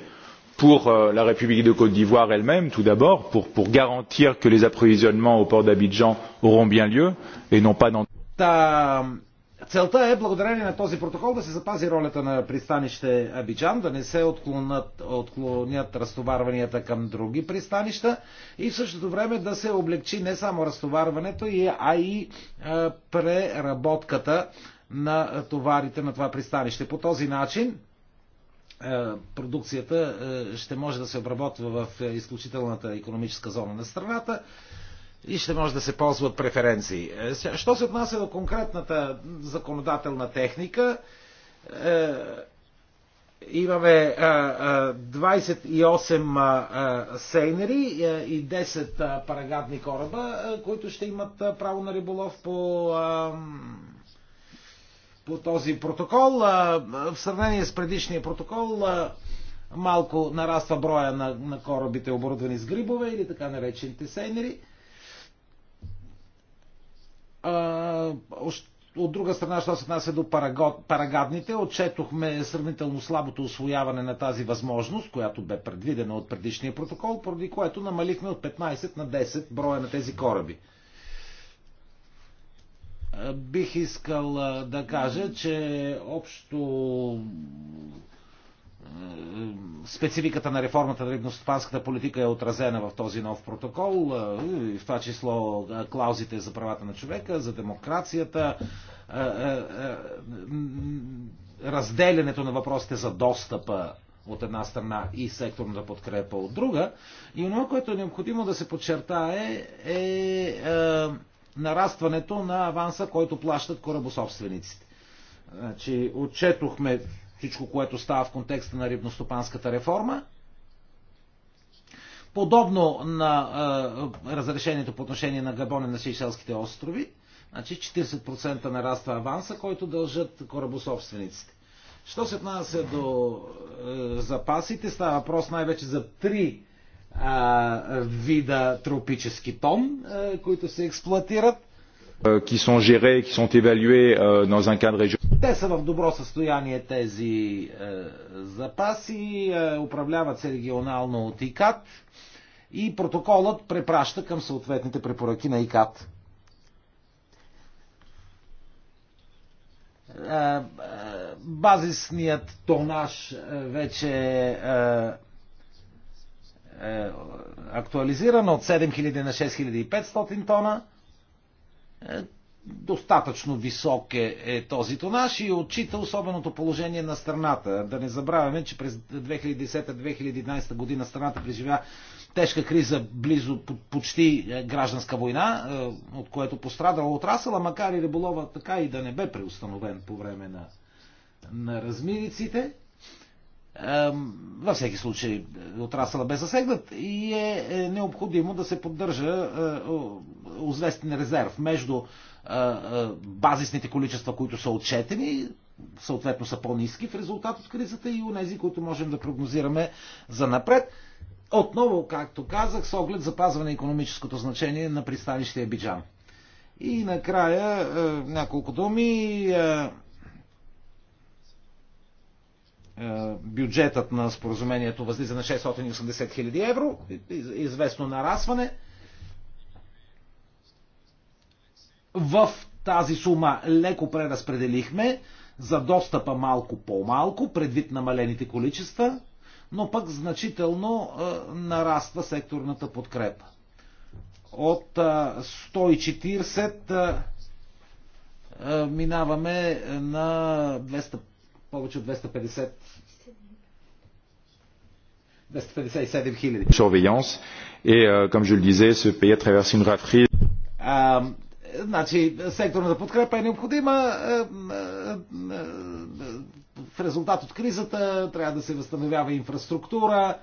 pour la République de Côte d'Ivoire elle-même, tout d'abord, pour, pour garantir que les approvisionnements au port d'Abidjan auront bien lieu et non pas dans. Целта е, благодарение на този протокол, да се запази ролята на пристанище Абиджан, да не се отклонят, отклонят разтоварванията към други пристанища и в същото време да се облегчи не само разтоварването, а и е, преработката на товарите на това пристанище. По този начин е, продукцията е, ще може да се обработва в изключителната економическа зона на страната и ще може да се ползват преференции. Е, що се отнася до конкретната законодателна техника, е, имаме 28 е, сейнери и 10 парагадни кораба, които ще имат право на риболов по по този протокол. В сравнение с предишния протокол малко нараства броя на, на корабите, оборудвани с грибове или така наречените сейнери. От друга страна, що се отнася до парагадните, отчетохме сравнително слабото освояване на тази възможност, която бе предвидена от предишния протокол, поради което намалихме от 15 на 10 броя на тези кораби. Бих искал да кажа, че общо спецификата на реформата на рибностопанската политика е отразена в този нов протокол, в това число клаузите за правата на човека, за демокрацията, разделянето на въпросите за достъпа от една страна и секторната подкрепа от друга. И това, което е необходимо да се подчертае, е, е нарастването на аванса, който плащат корабособствениците. Значи, отчетохме всичко, което става в контекста на рибностопанската реформа. Подобно на е, разрешението по отношение на Габоне на Сейшелските острови, значи 40% нараства аванса, който дължат корабособствениците. Що се отнася до е, запасите, става въпрос най-вече за три а, вида тропически тон, а, които се експлуатират. Е, qui sont gérés, qui sont évalués euh, dans un cadre régional. Те са в добро състояние тези е, запаси, е, управляват се регионално от ИКАТ и протоколът препраща към съответните препоръки на ИКАТ. Е, е, базисният тонаж вече е актуализиран от 7000 на 6500 тона. Е, достатъчно висок е, е този тонаж и отчита особеното положение на страната. Да не забравяме, че през 2010-2011 година страната преживя тежка криза, близо почти е, гражданска война, е, от което пострадала отрасъла, макар и риболова така и да не бе преустановен по време на, на размириците във всеки случай е, отрасъла бе засегнат и е, е необходимо да се поддържа е, известен резерв между базисните количества, които са отчетени, съответно са по-низки в резултат от кризата и онези, които можем да прогнозираме за напред. Отново, както казах, с оглед запазване на економическото значение на пристанище Ебиджан. И накрая няколко думи е, бюджетът на споразумението възлиза на 680 хиляди евро, известно нарастване. В тази сума леко преразпределихме за достъпа малко по-малко, предвид намалените количества, но пък значително е, нараства секторната подкрепа. От 140 е, минаваме на 250 повече от 250 257 хиляди. Surveillance. Et euh, comme je le disais, ce pays a traversé une значи, секторната подкрепа е необходима. В резултат от кризата трябва да се възстановява инфраструктура,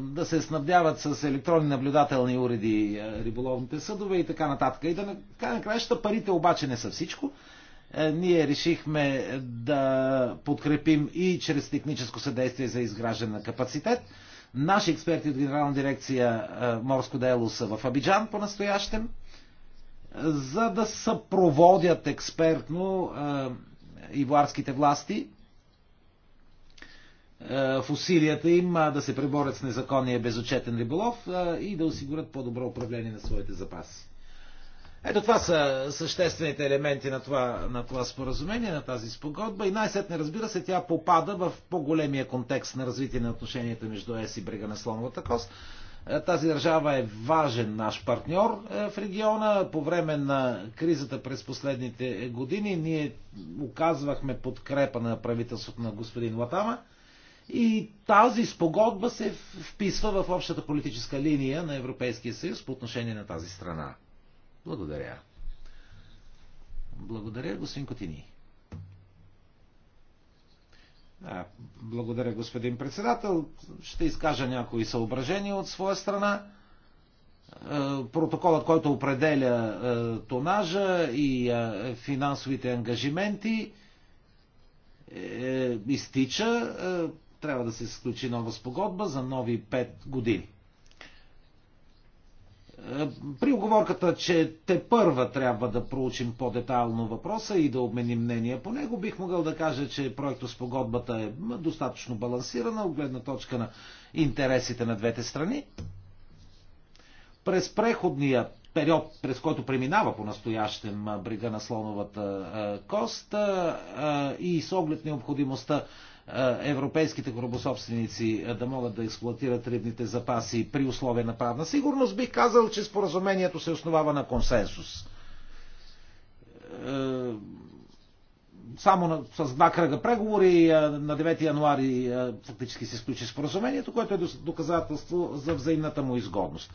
да се снабдяват с електронни наблюдателни уреди риболовните съдове и така нататък. И да на края парите обаче не са всичко. Е, ние решихме да подкрепим и чрез техническо съдействие за изграждане на капацитет. Наши експерти от Генерална дирекция е, Морско дело са в Абиджан по-настоящем, за да съпроводят експертно е, ивуарските власти в усилията им да се преборят с незаконния безочетен риболов и да осигурят по-добро управление на своите запаси. Ето това са съществените елементи на това, на това споразумение, на тази спогодба и най-сетне, разбира се, тя попада в по-големия контекст на развитие на отношенията между ЕС и брега на Слоновата кост. Е, тази държава е важен наш партньор е, в региона. По време на кризата през последните години ние оказвахме подкрепа на правителството на господин Латама и тази спогодба се вписва в общата политическа линия на Европейския съюз по отношение на тази страна. Благодаря. Благодаря, господин Котини. А, благодаря, господин председател. Ще изкажа някои съображения от своя страна. Протоколът, който определя тонажа и финансовите ангажименти, е, изтича. Трябва да се сключи нова спогодба за нови 5 години. При оговорката, че те първа трябва да проучим по-детайлно въпроса и да обменим мнение по него, бих могъл да кажа, че проекто с погодбата е достатъчно балансирана от гледна точка на интересите на двете страни. През преходния период, през който преминава по настоящем брига на слоновата кост и с оглед необходимостта е, европейските корабособственици е, да могат да експлуатират рибните запаси при условия на правна сигурност, бих казал, че споразумението се основава на консенсус. Е, само с два кръга преговори на 9 януари фактически се изключи споразумението, което е доказателство за взаимната му изгодност.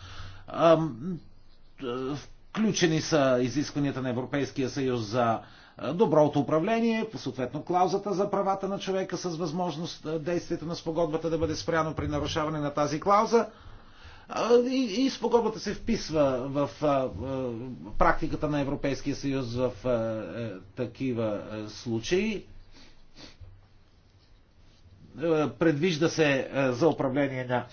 Включени са изискванията на Европейския съюз за е, доброто управление, по съответно клаузата за правата на човека с възможност е, действието на спогодбата да бъде спряно при нарушаване на тази клауза. Е, и, и спогодбата се вписва в практиката на Европейския съюз в такива случаи предвижда се за управление на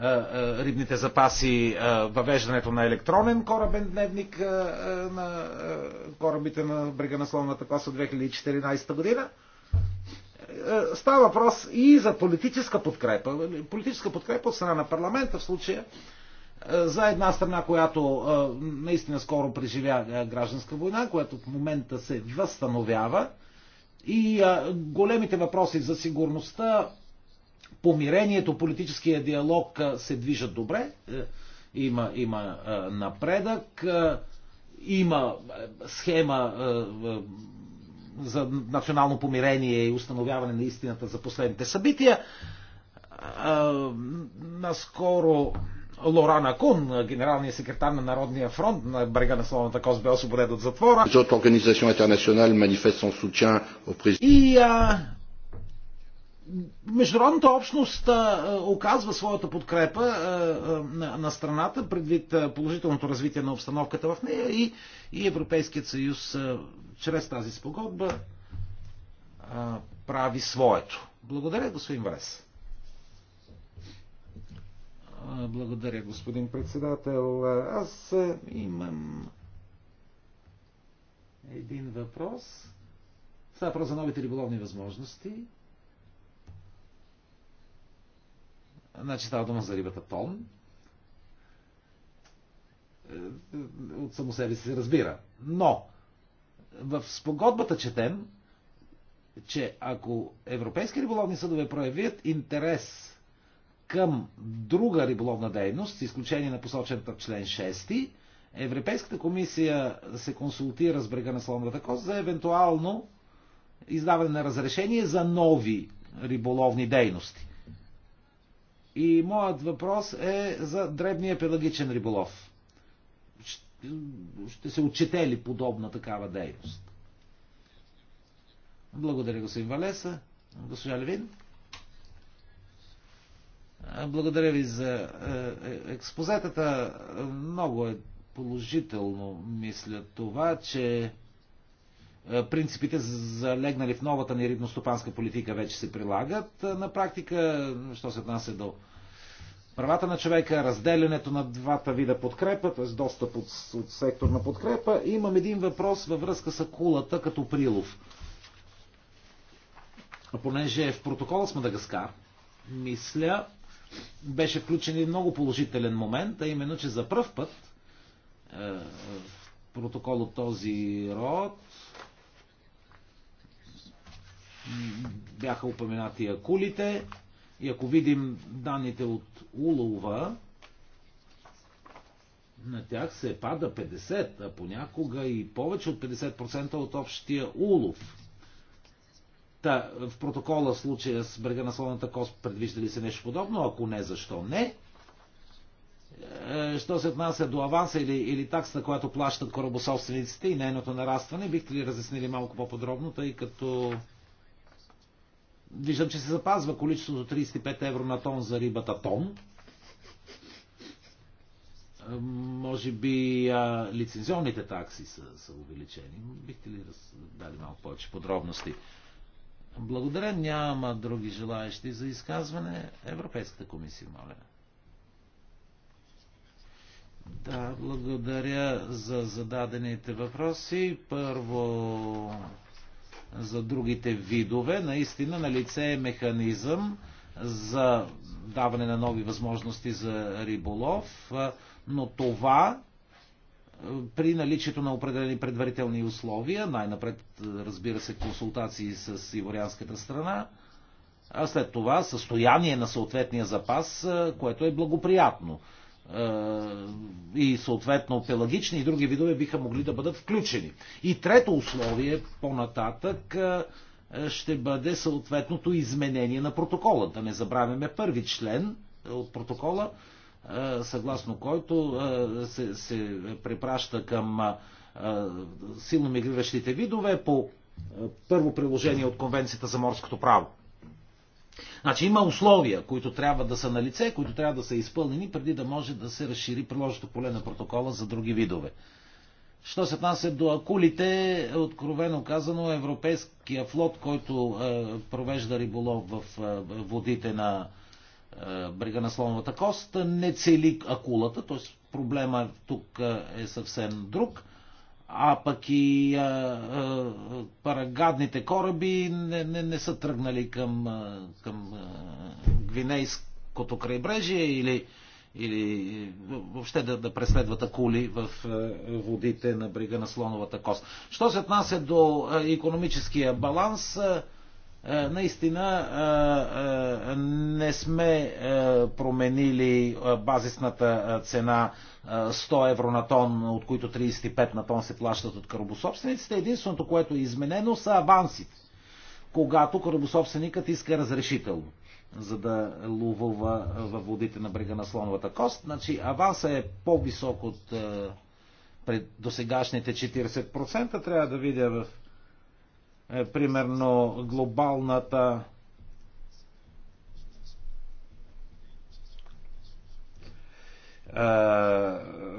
рибните запаси, въвеждането на електронен корабен дневник на корабите на брега на Словната класа от 2014 година. Става въпрос и за политическа подкрепа. Нали? Политическа подкрепа от страна на парламента в случая за една страна, която наистина скоро преживя гражданска война, която в момента се възстановява. И големите въпроси за сигурността помирението, политическия диалог се движат добре, е, има, има напредък, е, има е, схема за национално помирение и установяване на истината за последните събития. Наскоро Лорана Кун, генералният секретар на Народния фронт на брега на Славната кост, бе освободен от затвора. И а, Международната общност оказва своята подкрепа на страната предвид положителното развитие на обстановката в нея и, и Европейският съюз чрез тази спогодба прави своето. Благодаря, господин Врес. Благодаря, господин председател. Аз имам един въпрос. Става е въпрос за новите риболовни възможности. Значи става дума за рибата тон. Е, от само себе си се разбира. Но в спогодбата четем, че ако европейски риболовни съдове проявят интерес към друга риболовна дейност, с изключение на посочената член 6, Европейската комисия се консултира с брега на Слоновата кост за евентуално издаване на разрешение за нови риболовни дейности. И моят въпрос е за дребния пелагичен риболов. Ще се отчете ли подобна такава дейност? Благодаря, господин Валеса. Госпожа Левин. Благодаря ви за е, е, експозетата. Много е положително, мисля това, че е, принципите залегнали в новата ни рибностопанска политика вече се прилагат. Е, на практика, що се отнася до правата на човека, разделянето на двата вида подкрепа, т.е. достъп от, от секторна подкрепа, имам един въпрос във връзка с акулата като прилов. Понеже в протокола с Мадагаскар, мисля, беше включен и много положителен момент, а именно, че за първ път е, в протокол от този род бяха упоменати акулите. И ако видим данните от улова, на тях се пада 50, а понякога и повече от 50% от общия улов. Та, в протокола случая с брега на Слоната кост предвижда ли се нещо подобно? Ако не, защо не? Е, що се отнася до аванса или, или таксата, която плащат корабособствениците и нейното нарастване, бихте ли разяснили малко по-подробно, тъй като Виждам, че се запазва количеството 35 евро на тон за рибата тон. Може би а, лицензионните такси са, са увеличени. Бихте ли раз... дали малко повече подробности? Благодаря. Няма други желаящи за изказване. Европейската комисия, моля. Да, благодаря за зададените въпроси. Първо за другите видове. Наистина на лице е механизъм за даване на нови възможности за риболов, но това при наличието на определени предварителни условия, най-напред, разбира се, консултации с иворианската страна, а след това състояние на съответния запас, което е благоприятно е, и съответно пелагични и други видове биха могли да бъдат включени. И трето условие по-нататък е, ще бъде съответното изменение на протокола. Да не забравяме първи член от протокола, е, съгласно който се, се препраща към силно мигриращите видове по първо приложение от Конвенцията за морското право. Значи има условия, които трябва да са на лице, които трябва да са изпълнени, преди да може да се разшири приложното поле на протокола за други видове. Що се отнася до акулите, откровено казано, европейския флот, който е, провежда риболов в е, водите на е, брега на Слоновата кост, не цели акулата, т.е. проблема тук е, е съвсем друг а пък и а, а, парагадните кораби не, не, не са тръгнали към, към а, Гвинейското крайбрежие или, или въобще да, да преследват акули в водите на брига на Слоновата кост. Що се отнася до економическия баланс, а, е, наистина е, е, не сме променили базисната цена 100 евро на тон, от които 35 на тон се плащат от корабособствениците. Единственото, което е изменено, са авансите, когато корабособственикът иска разрешително за да лувува във водите на брега на слоновата кост. Значи аванса е по-висок от пред досегашните 40%. Трябва да видя в е, примерно глобалната е,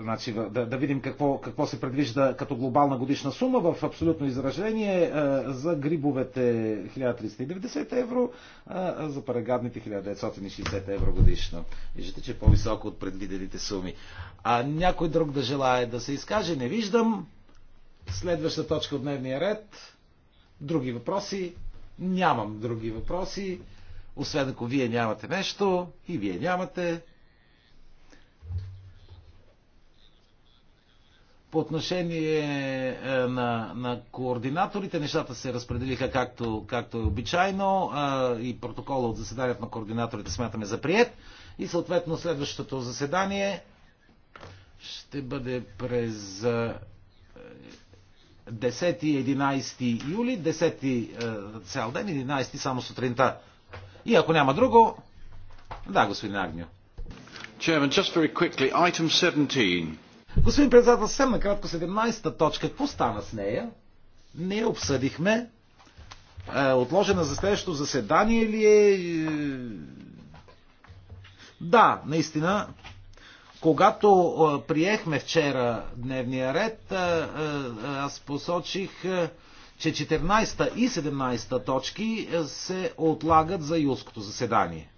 значи, да, да видим какво, какво се предвижда като глобална годишна сума в абсолютно изражение е, за грибовете 1390 евро, uh, за парагадните 1960 евро годишно. Виждате, че е по-високо от предвидените суми. А някой друг да желая да се изкаже, не виждам. Следваща точка от дневния ред. Други въпроси? Нямам други въпроси. Освен ако вие нямате нещо и вие нямате. По отношение е, на, на координаторите, нещата се разпределиха както, както е обичайно е, и протокола от заседанието на координаторите смятаме за прият. И съответно следващото заседание ще бъде през е, 10 и 11 юли, 10 е, цял ден, 11 само сутринта. И ако няма друго, да, господин Агнио. Chairman, just very quickly, item 17. Господин председател, съвсем накратко 17-та точка. Какво стана с нея? Не я обсъдихме. Е, отложена за следващото заседание ли е? е да, наистина, когато приехме вчера дневния ред, аз посочих, че 14-та и 17-та точки се отлагат за юлското заседание.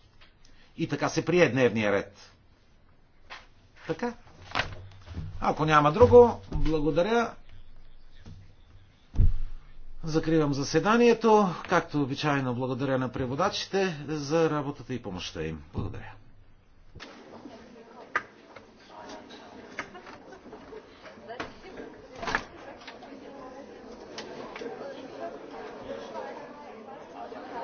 И така се прие дневния ред. Така. Ако няма друго, благодаря. Закривам заседанието. Както обичайно, благодаря на преводачите за работата и помощта им. Благодаря.